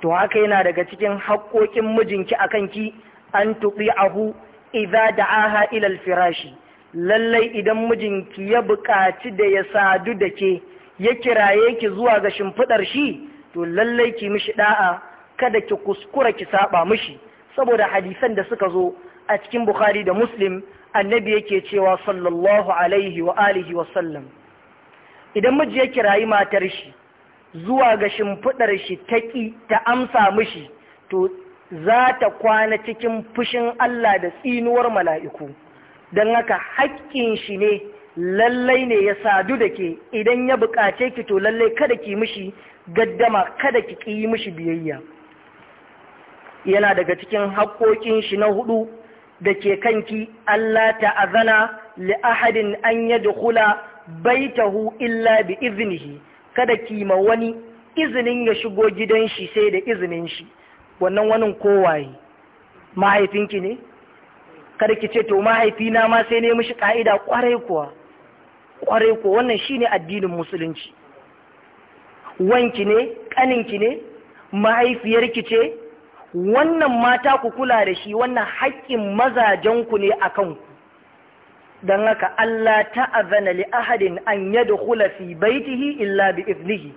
to haka yana daga cikin haƙoƙin mijinki akan ki an tuɓi ahu idza da'aha ila firashi. lallai idan mijinki ya buƙaci da ya sadu da ke ya kiraye ki zuwa ga shimfiɗar shi to lallai ki mishi ɗa'a kada ki kuskura ki saɓa mishi saboda hadisan da suka zo a cikin Bukhari da Muslim annabi yake cewa sallallahu alaihi wa alihi wa sallam idan miji ya kirayi matar shi zuwa ga shimfiɗar shi taƙi ta amsa mishi to za ta kwana cikin fushin Allah da tsinuwar mala'iku don haka haƙƙin shi ne lallai ne ya sadu da ke idan ya buƙace ki to lallai kada ki mishi gaddama kada ki ƙi mishi biyayya yana daga cikin haƙƙoƙin shi na hudu da ke kanki Allah ta'azana li ahadin an yadkhula baitahu illa bi iznihi kada ki ma wani izinin ya shigo gidan shi sai da izinin shi wannan wani kowaye mahaifinki ne kada ki ce to mahaifina ma sai ne mishi ka'ida kwarai kuwa kwarai kuwa wannan shine addinin musulunci wanki ne kaninki ne mahaifiyarki ce wannan mata ku kula da shi wannan haƙƙin mazajenku ne a kanku don haka Allah ta'azana li ahadin an yadkhula fi baitihi illa bi iznihi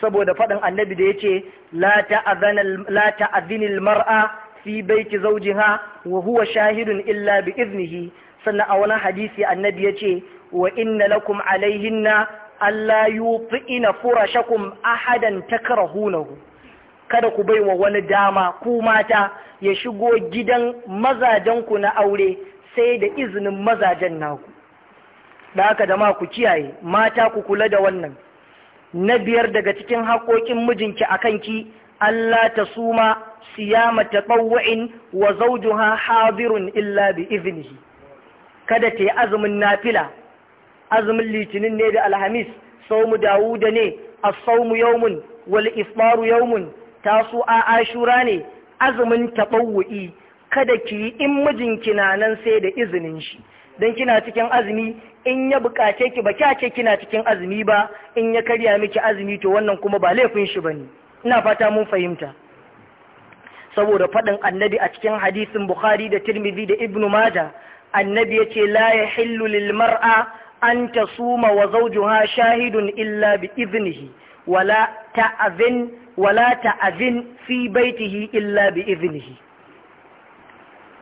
saboda faɗin annabi da yace la ta'azana la ta'zinil mar'a fi baiti zawjiha wa huwa shahidun illa bi iznihi sannan a wani hadisi annabi yace wa inna lakum alaihinna alla yuti'ina furashakum ahadan takrahunahu kada ku bai wa wani dama ku mata ya shigo gidan mazajenku na aure sai da izinin mazajen naku da haka da ma ku kiyaye mata ku kula da wannan na biyar daga cikin haƙoƙin mijinki a kanki Allah ta suma siyama tatawwu'in wa zawjuha hadirun illa bi iznihi kada ta yi azumin nafila azumin litinin ne da alhamis saumu dawuda ne as-sawmu yawmun wal iftaru yawmun tasu a ashura ne azumin tatawwu'i kada ki yi in mijinki na nan sai da izinin shi don kina cikin azumi in ya bukace ki ba kina cikin azumi ba in ya karya miki azumi to wannan kuma ba laifin shi ne. ina fata mun fahimta saboda faɗin annabi a cikin hadisin bukhari da tirmidhi da ibnu maja annabi ya ce la ya hillu lil mar'a an ta suma wa zawjuha shahidun illa bi iznihi wala ta'azin wala fi baitihi illa bi iznihi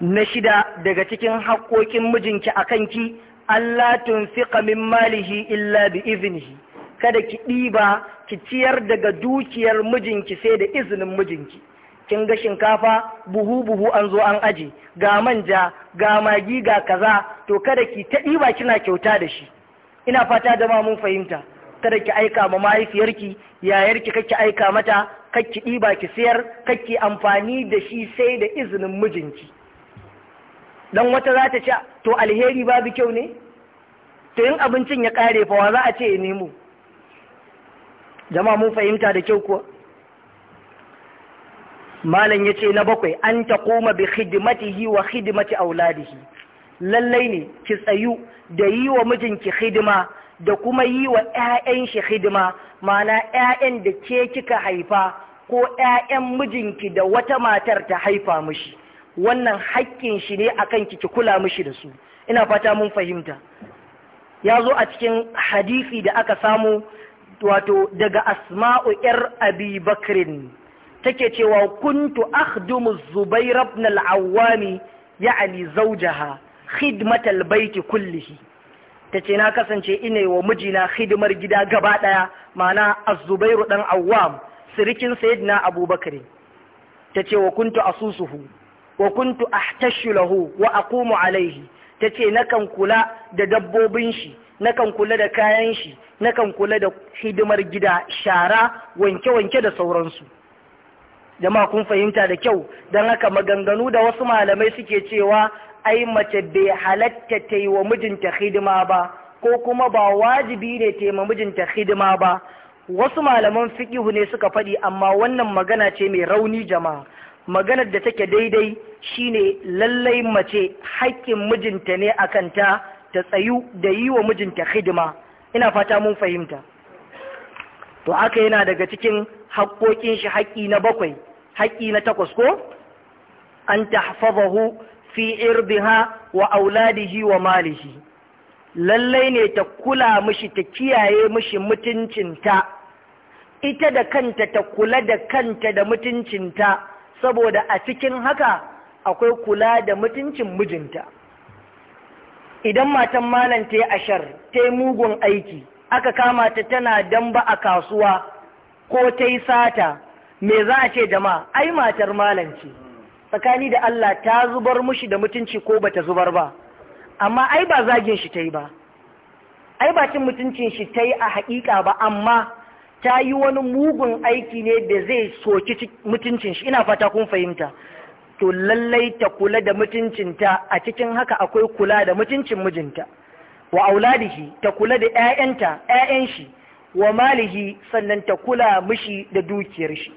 na shida daga cikin haƙƙoƙin mijinki a kanki Allah tunfiqa min malihi illa bi iznihi kada ki ɗiba ki ciyar daga dukiyar mijinki sai da izinin mijinki kin ga shinkafa buhu buhu an zo an aje ga manja ga magi ga kaza to kada ki ta ɗiba kina kyauta da shi ina fata da mun fahimta kada ki aika ma mahaifiyarki yayarki kake aika mata kaki ɗiba ki siyar kake amfani da shi sai da izinin mijinki dan wata za ta ce to alheri babu kyau ne to in abincin ya kare fa wa za a ce ya nemo jama'a mun fahimta da kyau kuwa malam ya ce na bakwai an ta koma bi khidmatihi wa khidmati auladihi lallai ne ki tsayu da yi wa mijinki hidima da kuma yi wa 'ya'yan shi hidima ma'ana 'ya'yan da ke kika haifa ko 'ya'yan mijinki da wata matar ta haifa mishi wannan haƙƙin shi ne akan ki ki kula mishi da su ina fata mun fahimta ya zo a cikin hadisi da aka samu wato daga asma'u 'yar abi bakrin take cewa kuntu akhdumu zubair ibn al-awwami ya'ni zawjaha khidmat al-bayt kullihi tace na kasance ina wa mijina hidimar gida gaba daya ma'ana az-zubairu dan awwam sirikin sayyidina abubakar tace wa kuntu asusuhu wa kuntu ahtashu lahu wa aqumu alayhi tace nakan kula da dabbobin shi nakan kula da kayan shi nakan kula da hidimar gida shara wanke-wanke da sauransu jama'a kun fahimta da kyau don haka maganganu da wasu malamai suke cewa ai mace bai halatta ta yi wa mijinta hidima ba ko kuma ba wajibi ne ta yi wa mijinta hidima ba wasu malaman fiƙihu ne suka faɗi amma wannan magana ce mai rauni jama'a maganar da take daidai shine lallai mace haƙƙin mijinta ne a kanta ta tsayu da yi wa mijinta hidima ina fata mun fahimta to haka yana daga cikin haƙƙoƙin shi haƙƙi na bakwai haƙƙi na takwas ko an tahfazahu fi irbiha wa auladihi wa malihi lallai ne ta kula mishi ta kiyaye mishi mutuncinta ita da kanta ta kula da kanta da mutuncinta saboda a cikin haka akwai kula da mutuncin mijinta idan matan malan ta yi ashar ta yi mugun aiki aka kama ta tana damba a kasuwa ko ta yi sata me za a ce jama'a ai matar malam ce tsakani da Allah ta zubar mushi da mutunci ko bata zubar ba amma ai ba zagin shi ta yi ba ai ba cin mutuncin shi ta yi a haƙiƙa ba amma ta yi wani mugun aiki ne da zai soki mutuncin shi ina fata kun fahimta to lallai ta kula da mutuncinta a cikin haka akwai kula da mutuncin mijinta wa auladihi ta kula da 'ya'yanta 'ya'yan shi wa malihi sannan ta kula mishi da dukiyar shi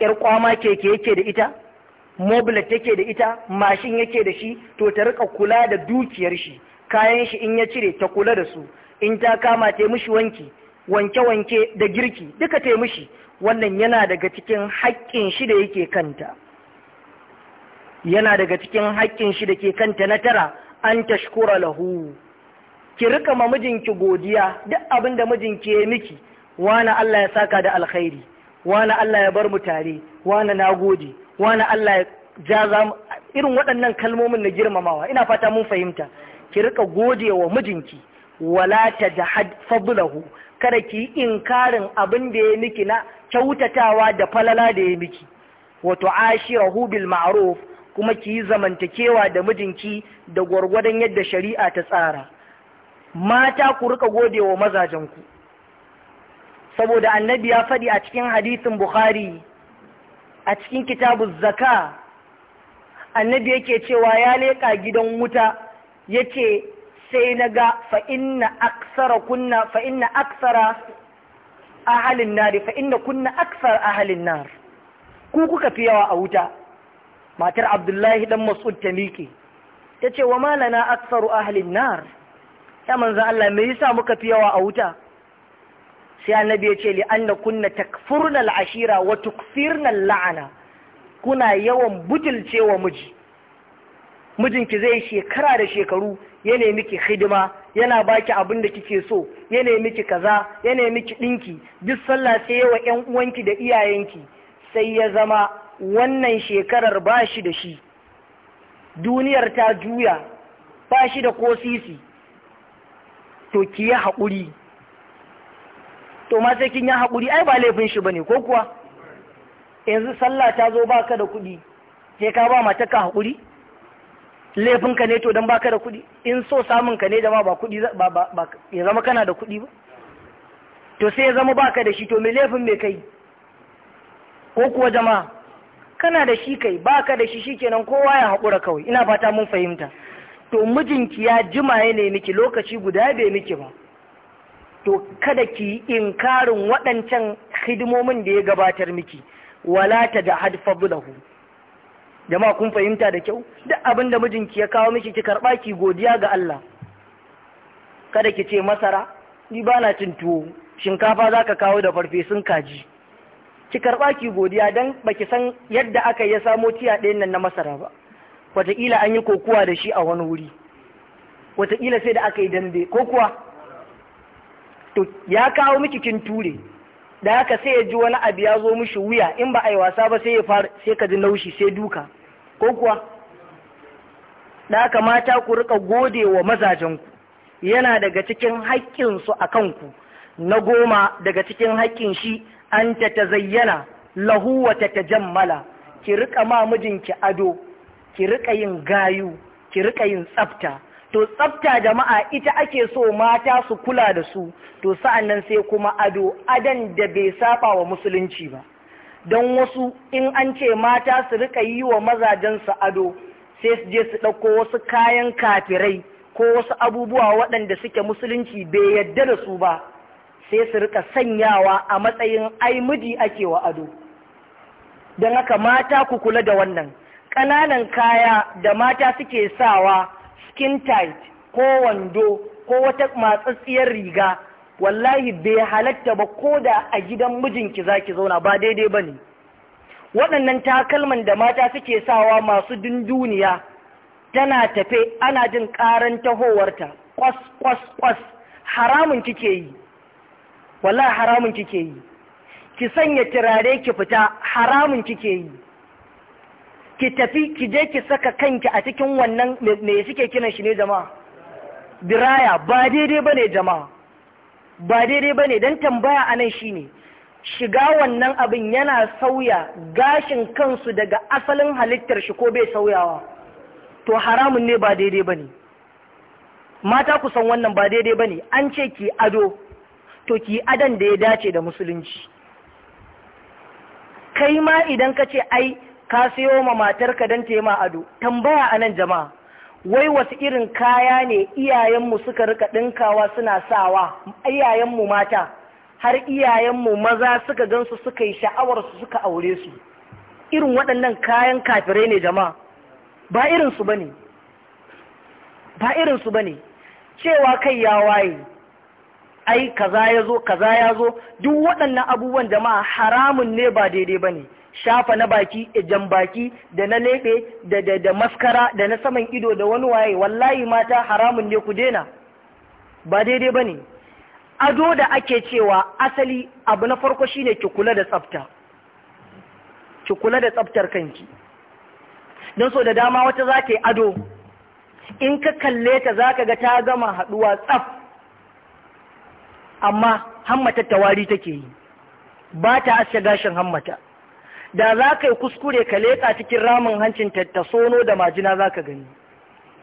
yar kwama keke yake da ita moblet take da ita mashin yake da shi to ta rika kula da dukiyar shi kayan shi in ya cire ta kula da su in ta kama ta mishi wanki wanke-wanke da girki duka ta mushi, wannan yana daga cikin haƙƙin shi da yake kanta yana daga cikin haƙƙin shi da ke kanta na tara an tashkura lahu ki rika ma mijinki godiya duk abin da mijinki ya miki wani Allah ya saka da alkhairi wani Allah ya bar mu tare wani na gode, wani Allah ya ja za mu irin waɗannan kalmomin na girmamawa ina fata mun fahimta ki rika gode wa mijinki wala ta da fadlahu kada ki yi inkarin abin da ya miki na kyautatawa da falala da ya miki wato ashirahu bil ma'ruf kuma ki yi zamantakewa da mijinki da gwargwadon yadda shari'a ta tsara mata ku rika gode wa mazajenku saboda annabi ya faɗi a cikin hadisin bukhari a cikin kitabu zaka annabi yake cewa ya leƙa gidan wuta yace sai na ga fa'inna aksara kunna fa'inna aksara ahalin nari fa'inna kunna aksar ahalin nar ku kuka fi yawa a wuta matar abdullahi dan mas'ud ta miƙe ta ce wa malana aksaru ahalin nar ya manzan Allah me yasa muka fi yawa a wuta sai annabi ya ce li anna kunna takfurna al'ashira wa tukfirna la'ana kuna yawan butulcewa miji mijinki zai shekara da shekaru ya miki hidima yana baki abin da kike so ya miki kaza ya miki dinki duk sallah sai yawa yan uwanki da iyayenki sai ya zama wannan shekarar bashi da shi duniyar ta juya bashi da ko to ki yi haƙuri to ma sai kin yi haƙuri ai ba laifin shi bane ko kuwa yanzu sallah ta zo baka da kuɗi sai ka ba mata ka haƙuri laifin ka ne to dan baka da kuɗi in so samun ka ne da ma ba kuɗi ba ba ya zama kana da kuɗi ba to sai ya zama baka da shi to me laifin me kai ko kuwa jama'a kana da shi kai baka da shi shikenan kowa ya haƙura kawai ina fata mun fahimta to mijinki ya jima ne miki lokaci guda bai miki ba to kada ki inkarin waɗancan hidimomin da ya gabatar miki wala ta da hadfadulahu jama kun fahimta da kyau duk abin da mijinki ya kawo miki ki karɓa ki godiya ga Allah kada ki ce masara ni ba na cin tuwo shinkafa za ka kawo da farfesun kaji ki karɓa ki godiya don ba ki san yadda aka ya samo tiya ɗayan nan na masara ba wataƙila an yi kokuwa da shi a wani wuri wataƙila sai da aka yi dambe ko kuwa to ya kawo miki kin ture da haka sai ya ji wani abu ya zo mishi wuya in ba a yi wasa ba sai ya fara sai ka ji naushi sai duka ko kuwa da haka mata ku rika gode wa mazajenku yana daga cikin haƙƙinsu a kanku na goma daga cikin haƙƙin shi an ta ta zayyana lahu wa ta ta jammala ki rika ma mijinki ado ki rika yin gayu ki rika yin tsafta to tsafta jama'a ita ake so mata su kula da su to sa'annan sai kuma ado adan da bai saba wa musulunci ba don wasu in an ce mata su rika yi wa mazajensu ado sai su je su ɗauko wasu kayan kafirai ko wasu abubuwa waɗanda suke musulunci bai yadda da su ba sai su rika sanyawa a matsayin ai miji ake wa ado don haka mata ku kula da wannan ƙananan kaya da mata suke sawa skin tight ko wando ko wata matsatsiyar riga wallahi bai halatta ba ko da a gidan mijinki zaki zauna ba daidai ba ne waɗannan takalman da mata suke sawa masu dunduniya tana tafe ana jin ƙaran tahowarta kwas kwas kwas haramun kike yi wallahi haramun kike yi ki sanya turare ki fita haramun kike yi ki tafi ki je ki saka kanki a cikin wannan me suke kiran shi ne jama'a diraya ba daidai ba ne jama'a ba daidai ba ne. Don tambaya a nan shi ne, shiga wannan abin yana sauya gashin kansu daga asalin halittar shi ko bai sauyawa to haramun ne ba daidai ba ne. mata ku san wannan ba daidai ba ne. an ce ki ado to ki adan da ya dace da musulunci kai ma idan ka ce ai ka siyo ma matarka don ma ado tambaya a nan jama'a wai wasu irin kaya ne iyayenmu suka rika ɗinkawa suna sawa iyayenmu mata har iyayenmu maza suka gansu suka yi sha'awarsu suka aure su irin waɗannan kayan kafirai ne jama'a ba ba ne ba irinsu ba ne cewa kai ya waye ai kaza ya zo kaza ya zo duk waɗannan abubuwan jama'a haramun ne ba daidai ba ne shafa na baki eh, jan baki da na leɓe, da da da maskara da na saman ido da wani waye wallahi mata haramun ne ku dena ba daidai bane ado da ake cewa asali abu na farko shine ki kula da tsafta ki kula da tsaftar kanki don so da dama wata za ta yi ado in ka kalle ta za ka ga ta gama haduwa tsaf amma hammata tawari take yi ba ta ashe gashin hammata da za ka yi kuskure ka leƙa cikin ramin hancin ta da majina za ka gani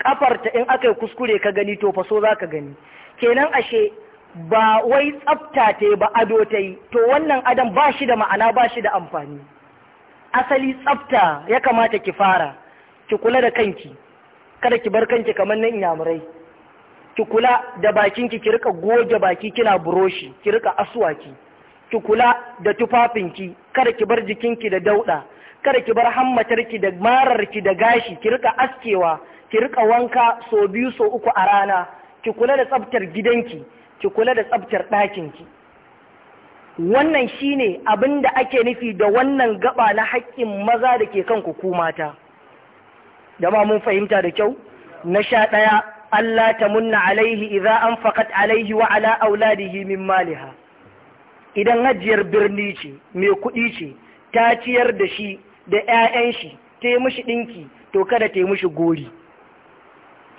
ƙafarta in aka yi kuskure ka gani to faso za ka gani kenan ashe ba wai tsafta ta yi ba ado ta yi to wannan adam ba shi da ma'ana ba shi da amfani asali tsafta ya kamata ki fara ki kula da kanki kada ki bar kanki kamar na inyamurai ki kula da bakinki ki rika goge baki kina buroshi ki rika aswaki ki kula da tufafinki kada ki bar jikinki da dauɗa kada ki bar hammatarki da mararki da gashi ki rika askewa ki rika wanka so biyu so uku a rana ki kula da tsaftar gidanki ki kula da tsaftar ɗakinki wannan shine abin da ake nufi da wannan gaba na haƙƙin maza da ke kan ku mata ma mun fahimta da kyau na sha ɗaya Allah ta munna alaihi idza anfaqat alaihi wa ala auladihi min maliha idan hajiyar birni ce mai kuɗi ce ta ciyar da shi da 'ya'yan shi ta yi mushi ɗinki to kada ta yi mushi gori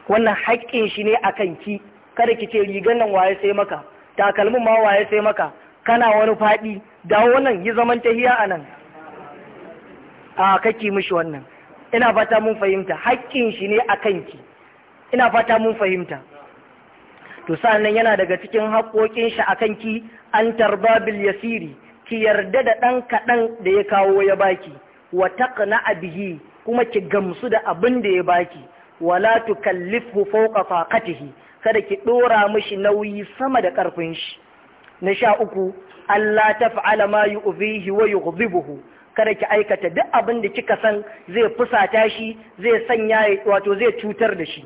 wannan haƙƙin shi ne a kanki kada ki ce rigar nan waye sai maka takalmin ma waye sai maka kana wani faɗi dawo wannan yi zaman tahiya a nan a kake mushi wannan ina fata mun fahimta haƙƙin shi ne a kanki ina fata mun fahimta to sa'annan yana daga cikin haƙoƙin shi akan ki an tarba bil yasiri ki yarda da ɗan kaɗan da ya kawo ya baki wa taqna bihi kuma ki gamsu da abin da ya baki wala tukallifhu fawqa faqatihi kada ki dora mishi nauyi sama da ƙarfin shi na sha uku Allah taf'ala ma yu'zihi wa yughdibuhu kada ki aikata duk abin da kika san zai fusata shi zai sanya wato zai cutar da shi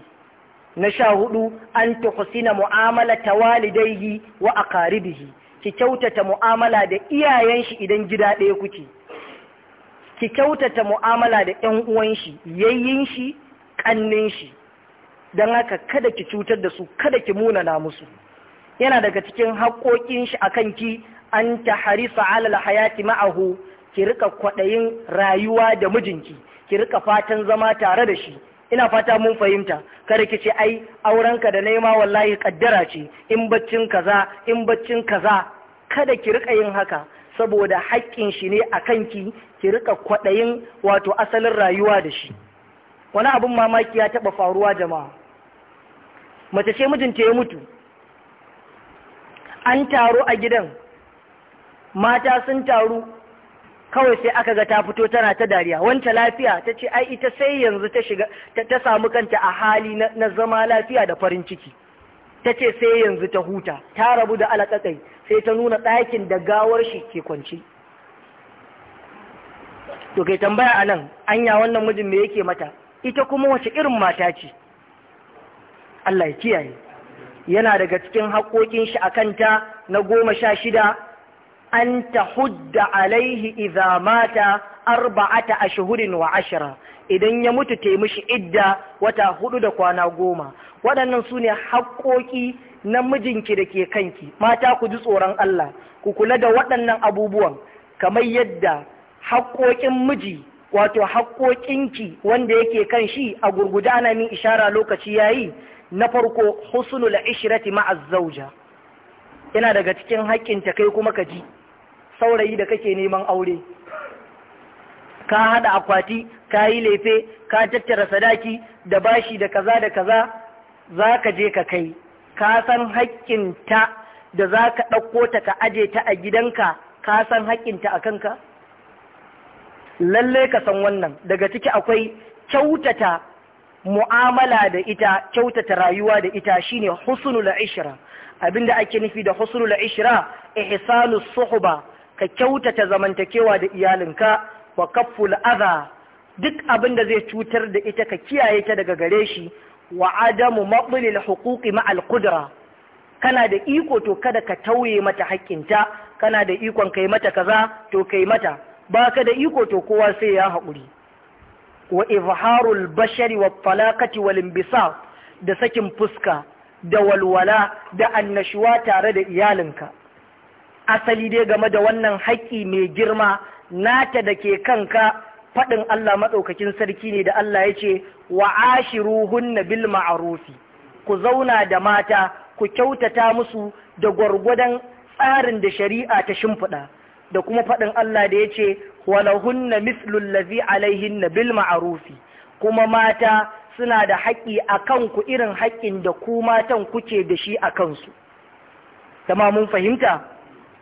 na sha hudu an tuhsina mu'amala walidaihi wa aqaribihi ki kyautata mu'amala da iyayen shi idan gida ɗaya kuke ki kyautata mu'amala da ƴan uwan shi yayyin shi kannin shi don haka kada ki cutar da su kada ki munana musu yana daga cikin haƙoƙin shi a kan ki an ta harisa alal hayati ma'ahu ki rika kwaɗayin rayuwa da mijinki ki rika fatan zama tare da shi ina fata mun fahimta kada ki ce ai aurenka da nema wallahi kaddara ce in baccin kaza in baccin kaza kada ki rika yin haka saboda haƙƙin shi ne a kanki ki rika kwaɗayin wato asalin rayuwa da shi wani abin mamaki ya taɓa faruwa jama'a mace ce mijinta ya mutu an taro a gidan mata sun taru kawai sai aka ga ta fito tana ta dariya wanta lafiya ta ce ai ita sai yanzu ta shiga ta samu kanta a hali na zama lafiya da farin ciki ta ce sai yanzu ta huta ta rabu da alaƙaƙai sai ta nuna ɗakin da gawar shi ke kwanci to kai tambaya a nan anya wannan mijin me yake mata ita kuma wace irin mata ce Allah ya kiyaye yana daga cikin haƙoƙin shi a kanta na goma sha shida an ta hudda alaihi Iza mata arba'ata ashhurin wa ashara idan ya mutu ta idda wata hudu da kwana goma waɗannan su ne haƙoƙi na mijinki da ke kanki mata ku ji tsoron Allah ku kula da waɗannan abubuwan kamar yadda haƙoƙin miji wato haƙoƙinki wanda yake kan shi a gurguda ana min ishara lokaci yayi na farko husnul ishrati ma'az zawja yana daga cikin haƙƙinta kai kuma ka ji saurayi da kake neman aure ka haɗa akwati ka yi lefe ka tattara sadaki da bashi da kaza da kaza za ka je ka kai ka san haƙƙinta da za ka ɗauko ta ka aje ta a gidanka ka san haƙƙinta a kanka lalle ka san wannan daga ciki akwai kyautata mu'amala da ita kyautata rayuwa da ita shine husnul ishra abinda ake nufi da husnul ishra ihsanus suhba ka kyautata zamantakewa da iyalinka wa kafful adha duk abinda zai cutar da ita ka kiyaye ta daga gare shi wa adamu maqlil huquqi ma al qudra kana da iko to kada ka tauye mata haƙƙinta kana da ikon kai mata kaza to kai mata baka da iko to kowa sai ya haƙuri wa izharul bashari wa talaqati wal da sakin fuska da walwala da annashuwa tare da iyalinka asali dai game da wannan haƙƙi mai girma nata da ke kanka faɗin Allah maɗaukakin sarki ne da Allah ya ce wa ashiruhunna bil ma'arufi ku zauna da mata ku kyautata musu da gwargwadon tsarin da shari'a ta shimfiɗa da kuma faɗin Allah da ya ce walahunna mislul lazi alaihinna bil ma'arufi kuma mata suna da haƙƙi a kanku irin haƙƙin da ku matan kuke da shi a kansu tama mun fahimta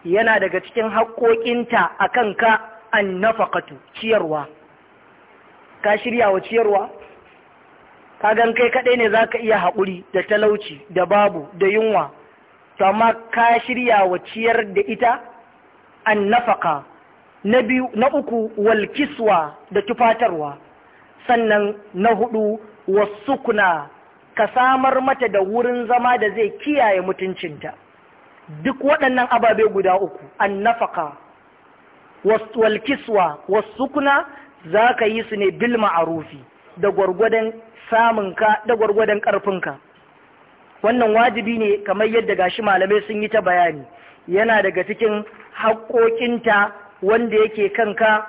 yana daga cikin haƙƙoƙinta a kanka an nafakatu ciyarwa ka shirya wa ciyarwa ka gan kai kaɗai ne za ka iya haƙuri da talauci da babu da yunwa to ka shirya wa ciyar da ita an nafaka na biyu na uku walkiswa da tufatarwa sannan na hudu Wasu kuna ka samar mata da wurin zama da zai kiyaye mutuncinta duk waɗannan ababe guda uku an annafaka walkiswa wasu kuna za ka yi su ne bil ma'arufi da gwargwadon samunka da gwargwadon ƙarfinka wannan wajibi ne kamar yadda gashi malamai sun yi ta bayani yana daga cikin haƙoƙinta wanda yake kanka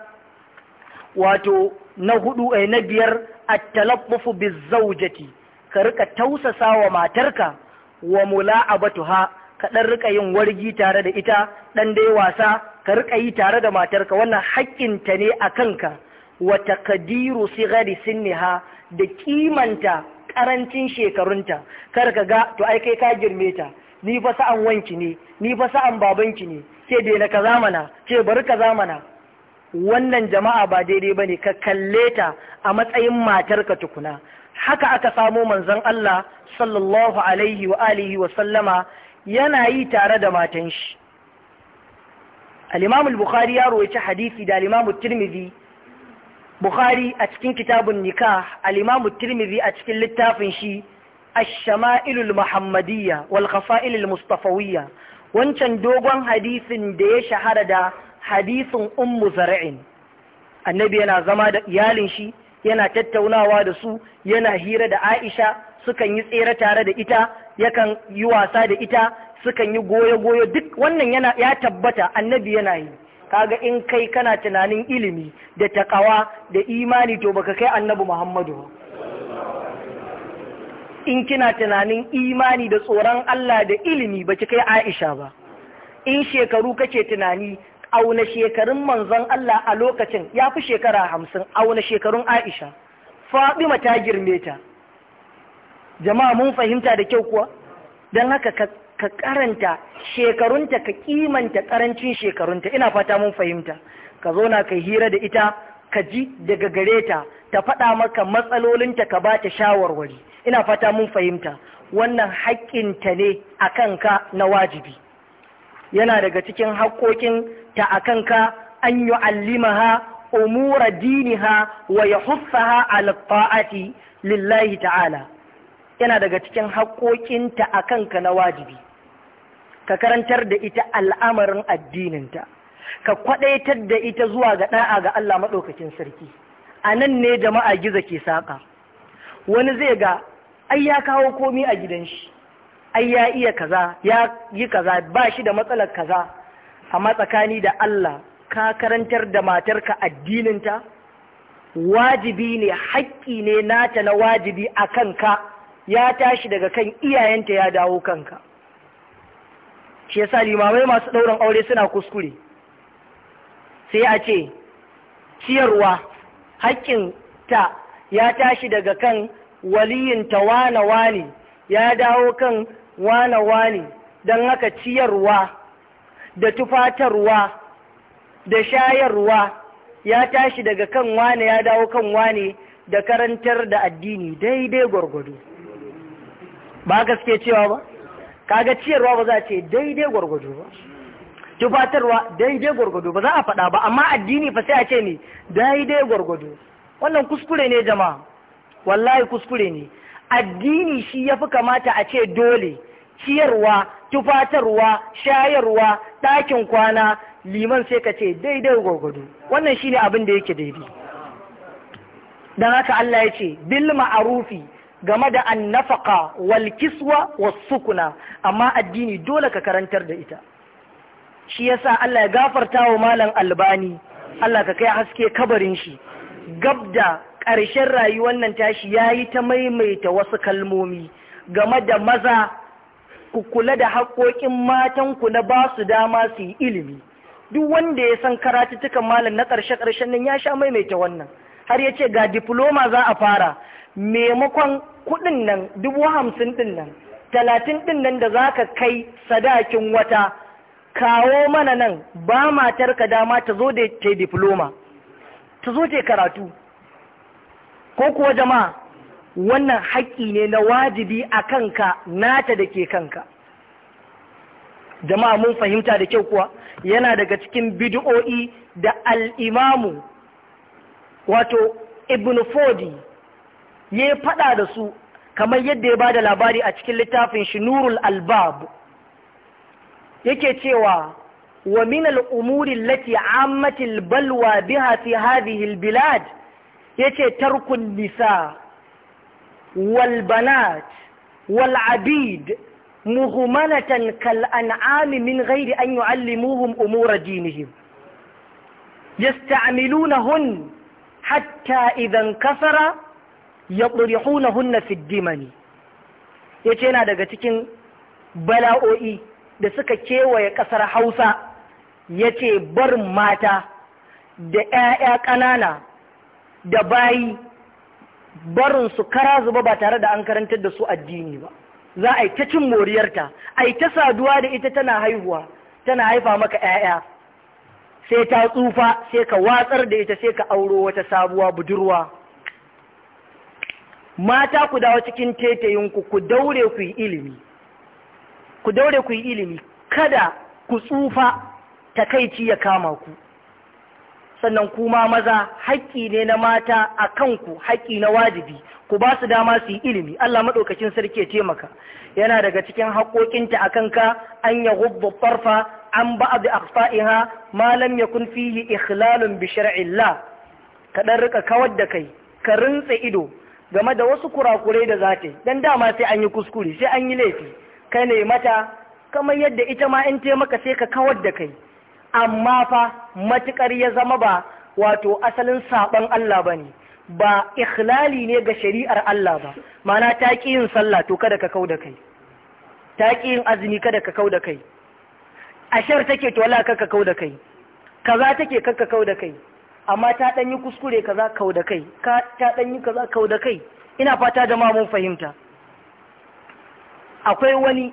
wato na hudu eh, na biyar at-talaffufu ka rika tausasa wa matarka wa mula'abatuha ka dan rika yin wargi tare da ita dan dai wasa ka rika yi tare da matarka wannan haƙƙin ta ne a kanka wa taqdiru sighari sinniha da kimanta karancin shekarunta kar ka ga to ai kai ka girme ta ni fa sa'an wanki ne ni fa sa'an babanki ne ce dai na kaza mana ce bari kaza mana wannan jama'a ba daidai ba ne ka kalle ta a matsayin matarka tukuna haka aka samo manzon Allah sallallahu alaihi wa alihi wa sallama yana yi tare da matan shi al-Imam al-Bukhari ya rawaita hadisi da al-Imam tirmidhi Bukhari a cikin kitabun nikah al-Imam tirmidhi a cikin littafin shi الشمائل المحمدية والخصائل المصطفوية wancan dogon hadisin da ya shahara da hadisin ummu zara'in annabi yana zama da iyalin shi yana tattaunawa da su yana hira da aisha sukan yi tsere tare da ita yakan yi wasa da ita sukan yi goyo-goyo duk wannan yana ya tabbata annabi yana yi kaga in kai kana tunanin ilimi da takawa da imani to baka kai annabi muhammadu in kina tunanin imani da tsoron allah da ilimi baki kai aisha ba in shekaru kake tunani auna shekarun manzon Allah a lokacin ya fi shekara hamsin auna shekarun Aisha Fatima ta girme ta jama'a mun fahimta da kyau kuwa don haka ka karanta shekarunta ka kimanta karancin shekarunta ina fata mun fahimta ka zo na ka hira da ita ka ji daga gare ta ta faɗa maka matsalolinta ka ba ta shawarwari ina fata mun fahimta wannan haƙƙinta ne a kanka na wajibi yana daga cikin haƙoƙin ta a kanka an yu'allimaha umura diniha wa yahuffaha ala alfa'ati lillahi ta'ala yana daga cikin haƙoƙin ta a kanka na wajibi ka karantar da ita al'amarin addininta ka kwadaitar da ita zuwa ga da'a ga Allah madaukakin sarki a nan ne jama'a gizo ke saƙa wani zai ga ai ya kawo komi a gidan shi ai ya iya kaza ya yi kaza ba shi da matsalar kaza amma tsakani da Allah ka karantar da matarka addininta wajibi ne haƙƙi ne nata na wajibi a kanka ya tashi daga kan iyayenta ya dawo kanka shi yasa limamai masu ɗaurin aure suna kuskure sai a ce ciyarwa haƙƙin ta ya tashi daga kan waliyin tawana wani ya dawo kan wane wane don haka ciyarwa da tufatarwa da shayarwa ya tashi daga kan wane ya dawo kan wane da karantar da addini daidai gwargwado ba gaske cewa ba kaga ciyarwa ba za a ce daidai gwargwado ba tufatarwa daidai gwargwado ba za a faɗa ba amma addini fa sai a ce ne daidai gwargwado wannan kuskure ne jama'a wallahi kuskure ne addini shi ya fi kamata a ce dole ciyarwa tufatarwa shayarwa ɗakin kwana liman sai ka ce daidai gwagwado wannan shi ne abin da yake daidai don haka Allah ya ce bil ma'arufi game da annafaka wal kiswa was sukuna amma addini dole ka karantar da ita shi yasa Allah ya gafarta wa malam albani Allah ka kai haske kabarin shi gabda ƙarshen rayuwar nan tashi ya yi ta maimaita wasu kalmomi game da maza ku kula da haƙoƙin matanku na ba su dama su yi ilimi duk wanda ya san karatuttukan malam na ƙarshe-ƙarshen nan ya sha maimaita wannan har ya ce ga diploma za a fara maimakon kuɗin nan dubu hamsin ɗin nan talatin ɗin nan da za ka kai sadakin wata kawo mana nan ba matarka dama ta zo da ta diploma ta zo ta karatu ko kuwa jama'a wannan haƙƙi ne na wajibi a kanka nata da ke kanka jama'a mun fahimta da kyau kuwa yana daga cikin bid'o'i da al'imamu wato ibn fodi ya faɗa da su kamar yadda ya ba da labari a cikin littafin shi nurul albab yake cewa wa min al'umuri lati ammatil balwa biha fi hadhihi bilad yace tarkun nisa wal banat wal abid muhmalatan kal an'am min ghairi an yu'allimuhum umura dinihim yasta'milunahun hatta idan kasara yadrihunahunna fi dimani yace yana daga cikin bala'o'i da suka kewaye kasar Hausa yace bar mata da 'ya'ya ƙanana da bayi barin su kara zuba ba tare da an karantar da su addini ba za a yi ta cin moriyarta a yi ta saduwa da ita tana haihuwa tana haifa maka 'ya'ya sai ta tsufa sai ka watsar da ita sai ka auro wata sabuwa budurwa mata ku dawo cikin tetayinku ku daure ku yi ilimi ku daure ku yi ilimi kada ku tsufa takaici ya kama ku sannan kuma maza haƙƙi ne na mata a kanku haƙƙi na wajibi ku ba su dama su yi ilimi Allah maɗaukacin sarki ya taimaka yana daga cikin haƙoƙinta a kanka an ya hubba farfa an ba abu malam ma lam yakun yi ikhlalun bi shar'illah ka ɗan rika kawar da kai ka rintsa ido game da wasu kurakurai da za ta yi dan dama sai an yi kuskure sai an yi laifi kai ne mata kamar yadda ita ma in taimaka sai ka kawar da kai amma fa matukar ya zama ba wato asalin saɓon Allah ba ne ba ikhlali ne ga shari'ar Allah ba mana ta ƙi yin sallah to kada ka kau da kai ta ƙi yin azumi kada ka kau da kai ashar take to Allah kaka kau da kai kaza take kaka kau da kai amma ta ɗan yi kuskure kaza kau da kai ka ta ɗan yi kaza kau da kai ina fata da mun fahimta akwai wani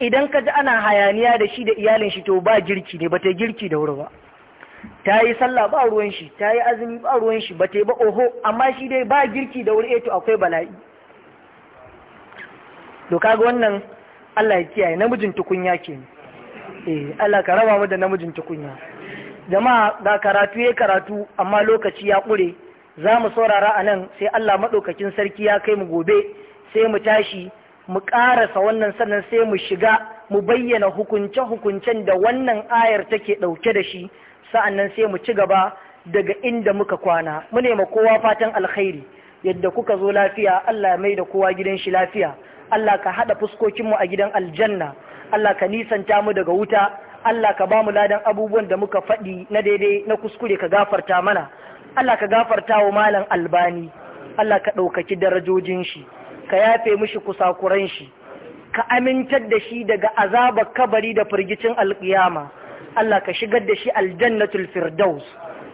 idan ka ji ana hayaniya da shi da iyalin shi to ba girki ne ba ta girki da wuri ba ta yi sallah ba ruwan shi ta yi azumi ba ruwan shi ba ta yi ba oho amma shi dai ba girki da wuri eh, to akwai bala'i to kaga wannan Allah ya kiyaye namijin tukunya ke eh Allah ka raba mu da namijin tukunya jama'a ga karatu ya karatu amma lokaci ya kure za mu saurara a nan sai Allah madaukakin sarki ya kai mu gobe sai mu tashi mu ƙarasa wannan sannan sai mu shiga mu bayyana hukunce-hukuncen da wannan ayar take ɗauke da shi sa'annan sai mu ci gaba daga inda muka kwana mu nema kowa fatan alkhairi yadda kuka zo lafiya Allah ya maida kowa gidan shi lafiya Allah ka haɗa fuskokinmu a gidan aljanna Allah ka nisanta mu daga wuta Allah ka ba mu ladan abubuwan da muka faɗi na daidai na kuskure ka gafarta mana Allah ka gafarta wa malam albani Allah ka ɗaukaki darajojin shi ka yafe mishi kusakuran shi ka amintar da shi daga azabar kabari da firgicin alƙiyama Allah ka shigar da shi aljannatul firdaus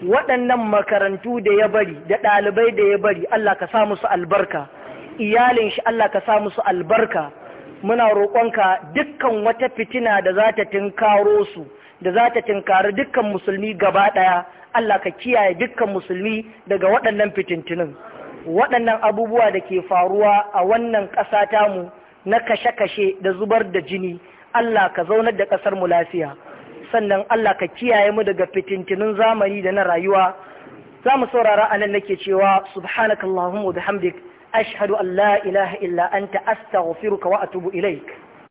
waɗannan makarantu da ya bari da ɗalibai da ya bari Allah ka sa musu albarka iyalin shi Allah ka sa musu albarka muna roƙonka dukkan wata fitina da za ta tinkaro su da za ta tinkari dukkan musulmi gaba ɗaya Allah ka kiyaye dukkan musulmi daga waɗannan fitintinin waɗannan abubuwa da ke faruwa a wannan ƙasa tamu na kashe-kashe da zubar da jini Allah ka zaunar da ƙasar mu lafiya sannan Allah ka kiyaye mu daga fitintinin zamani da na rayuwa za mu saurara a nan nake cewa subhanakallahumma bihamdik ashhadu an la ilaha illa anta astaghfiruka wa atubu ilaik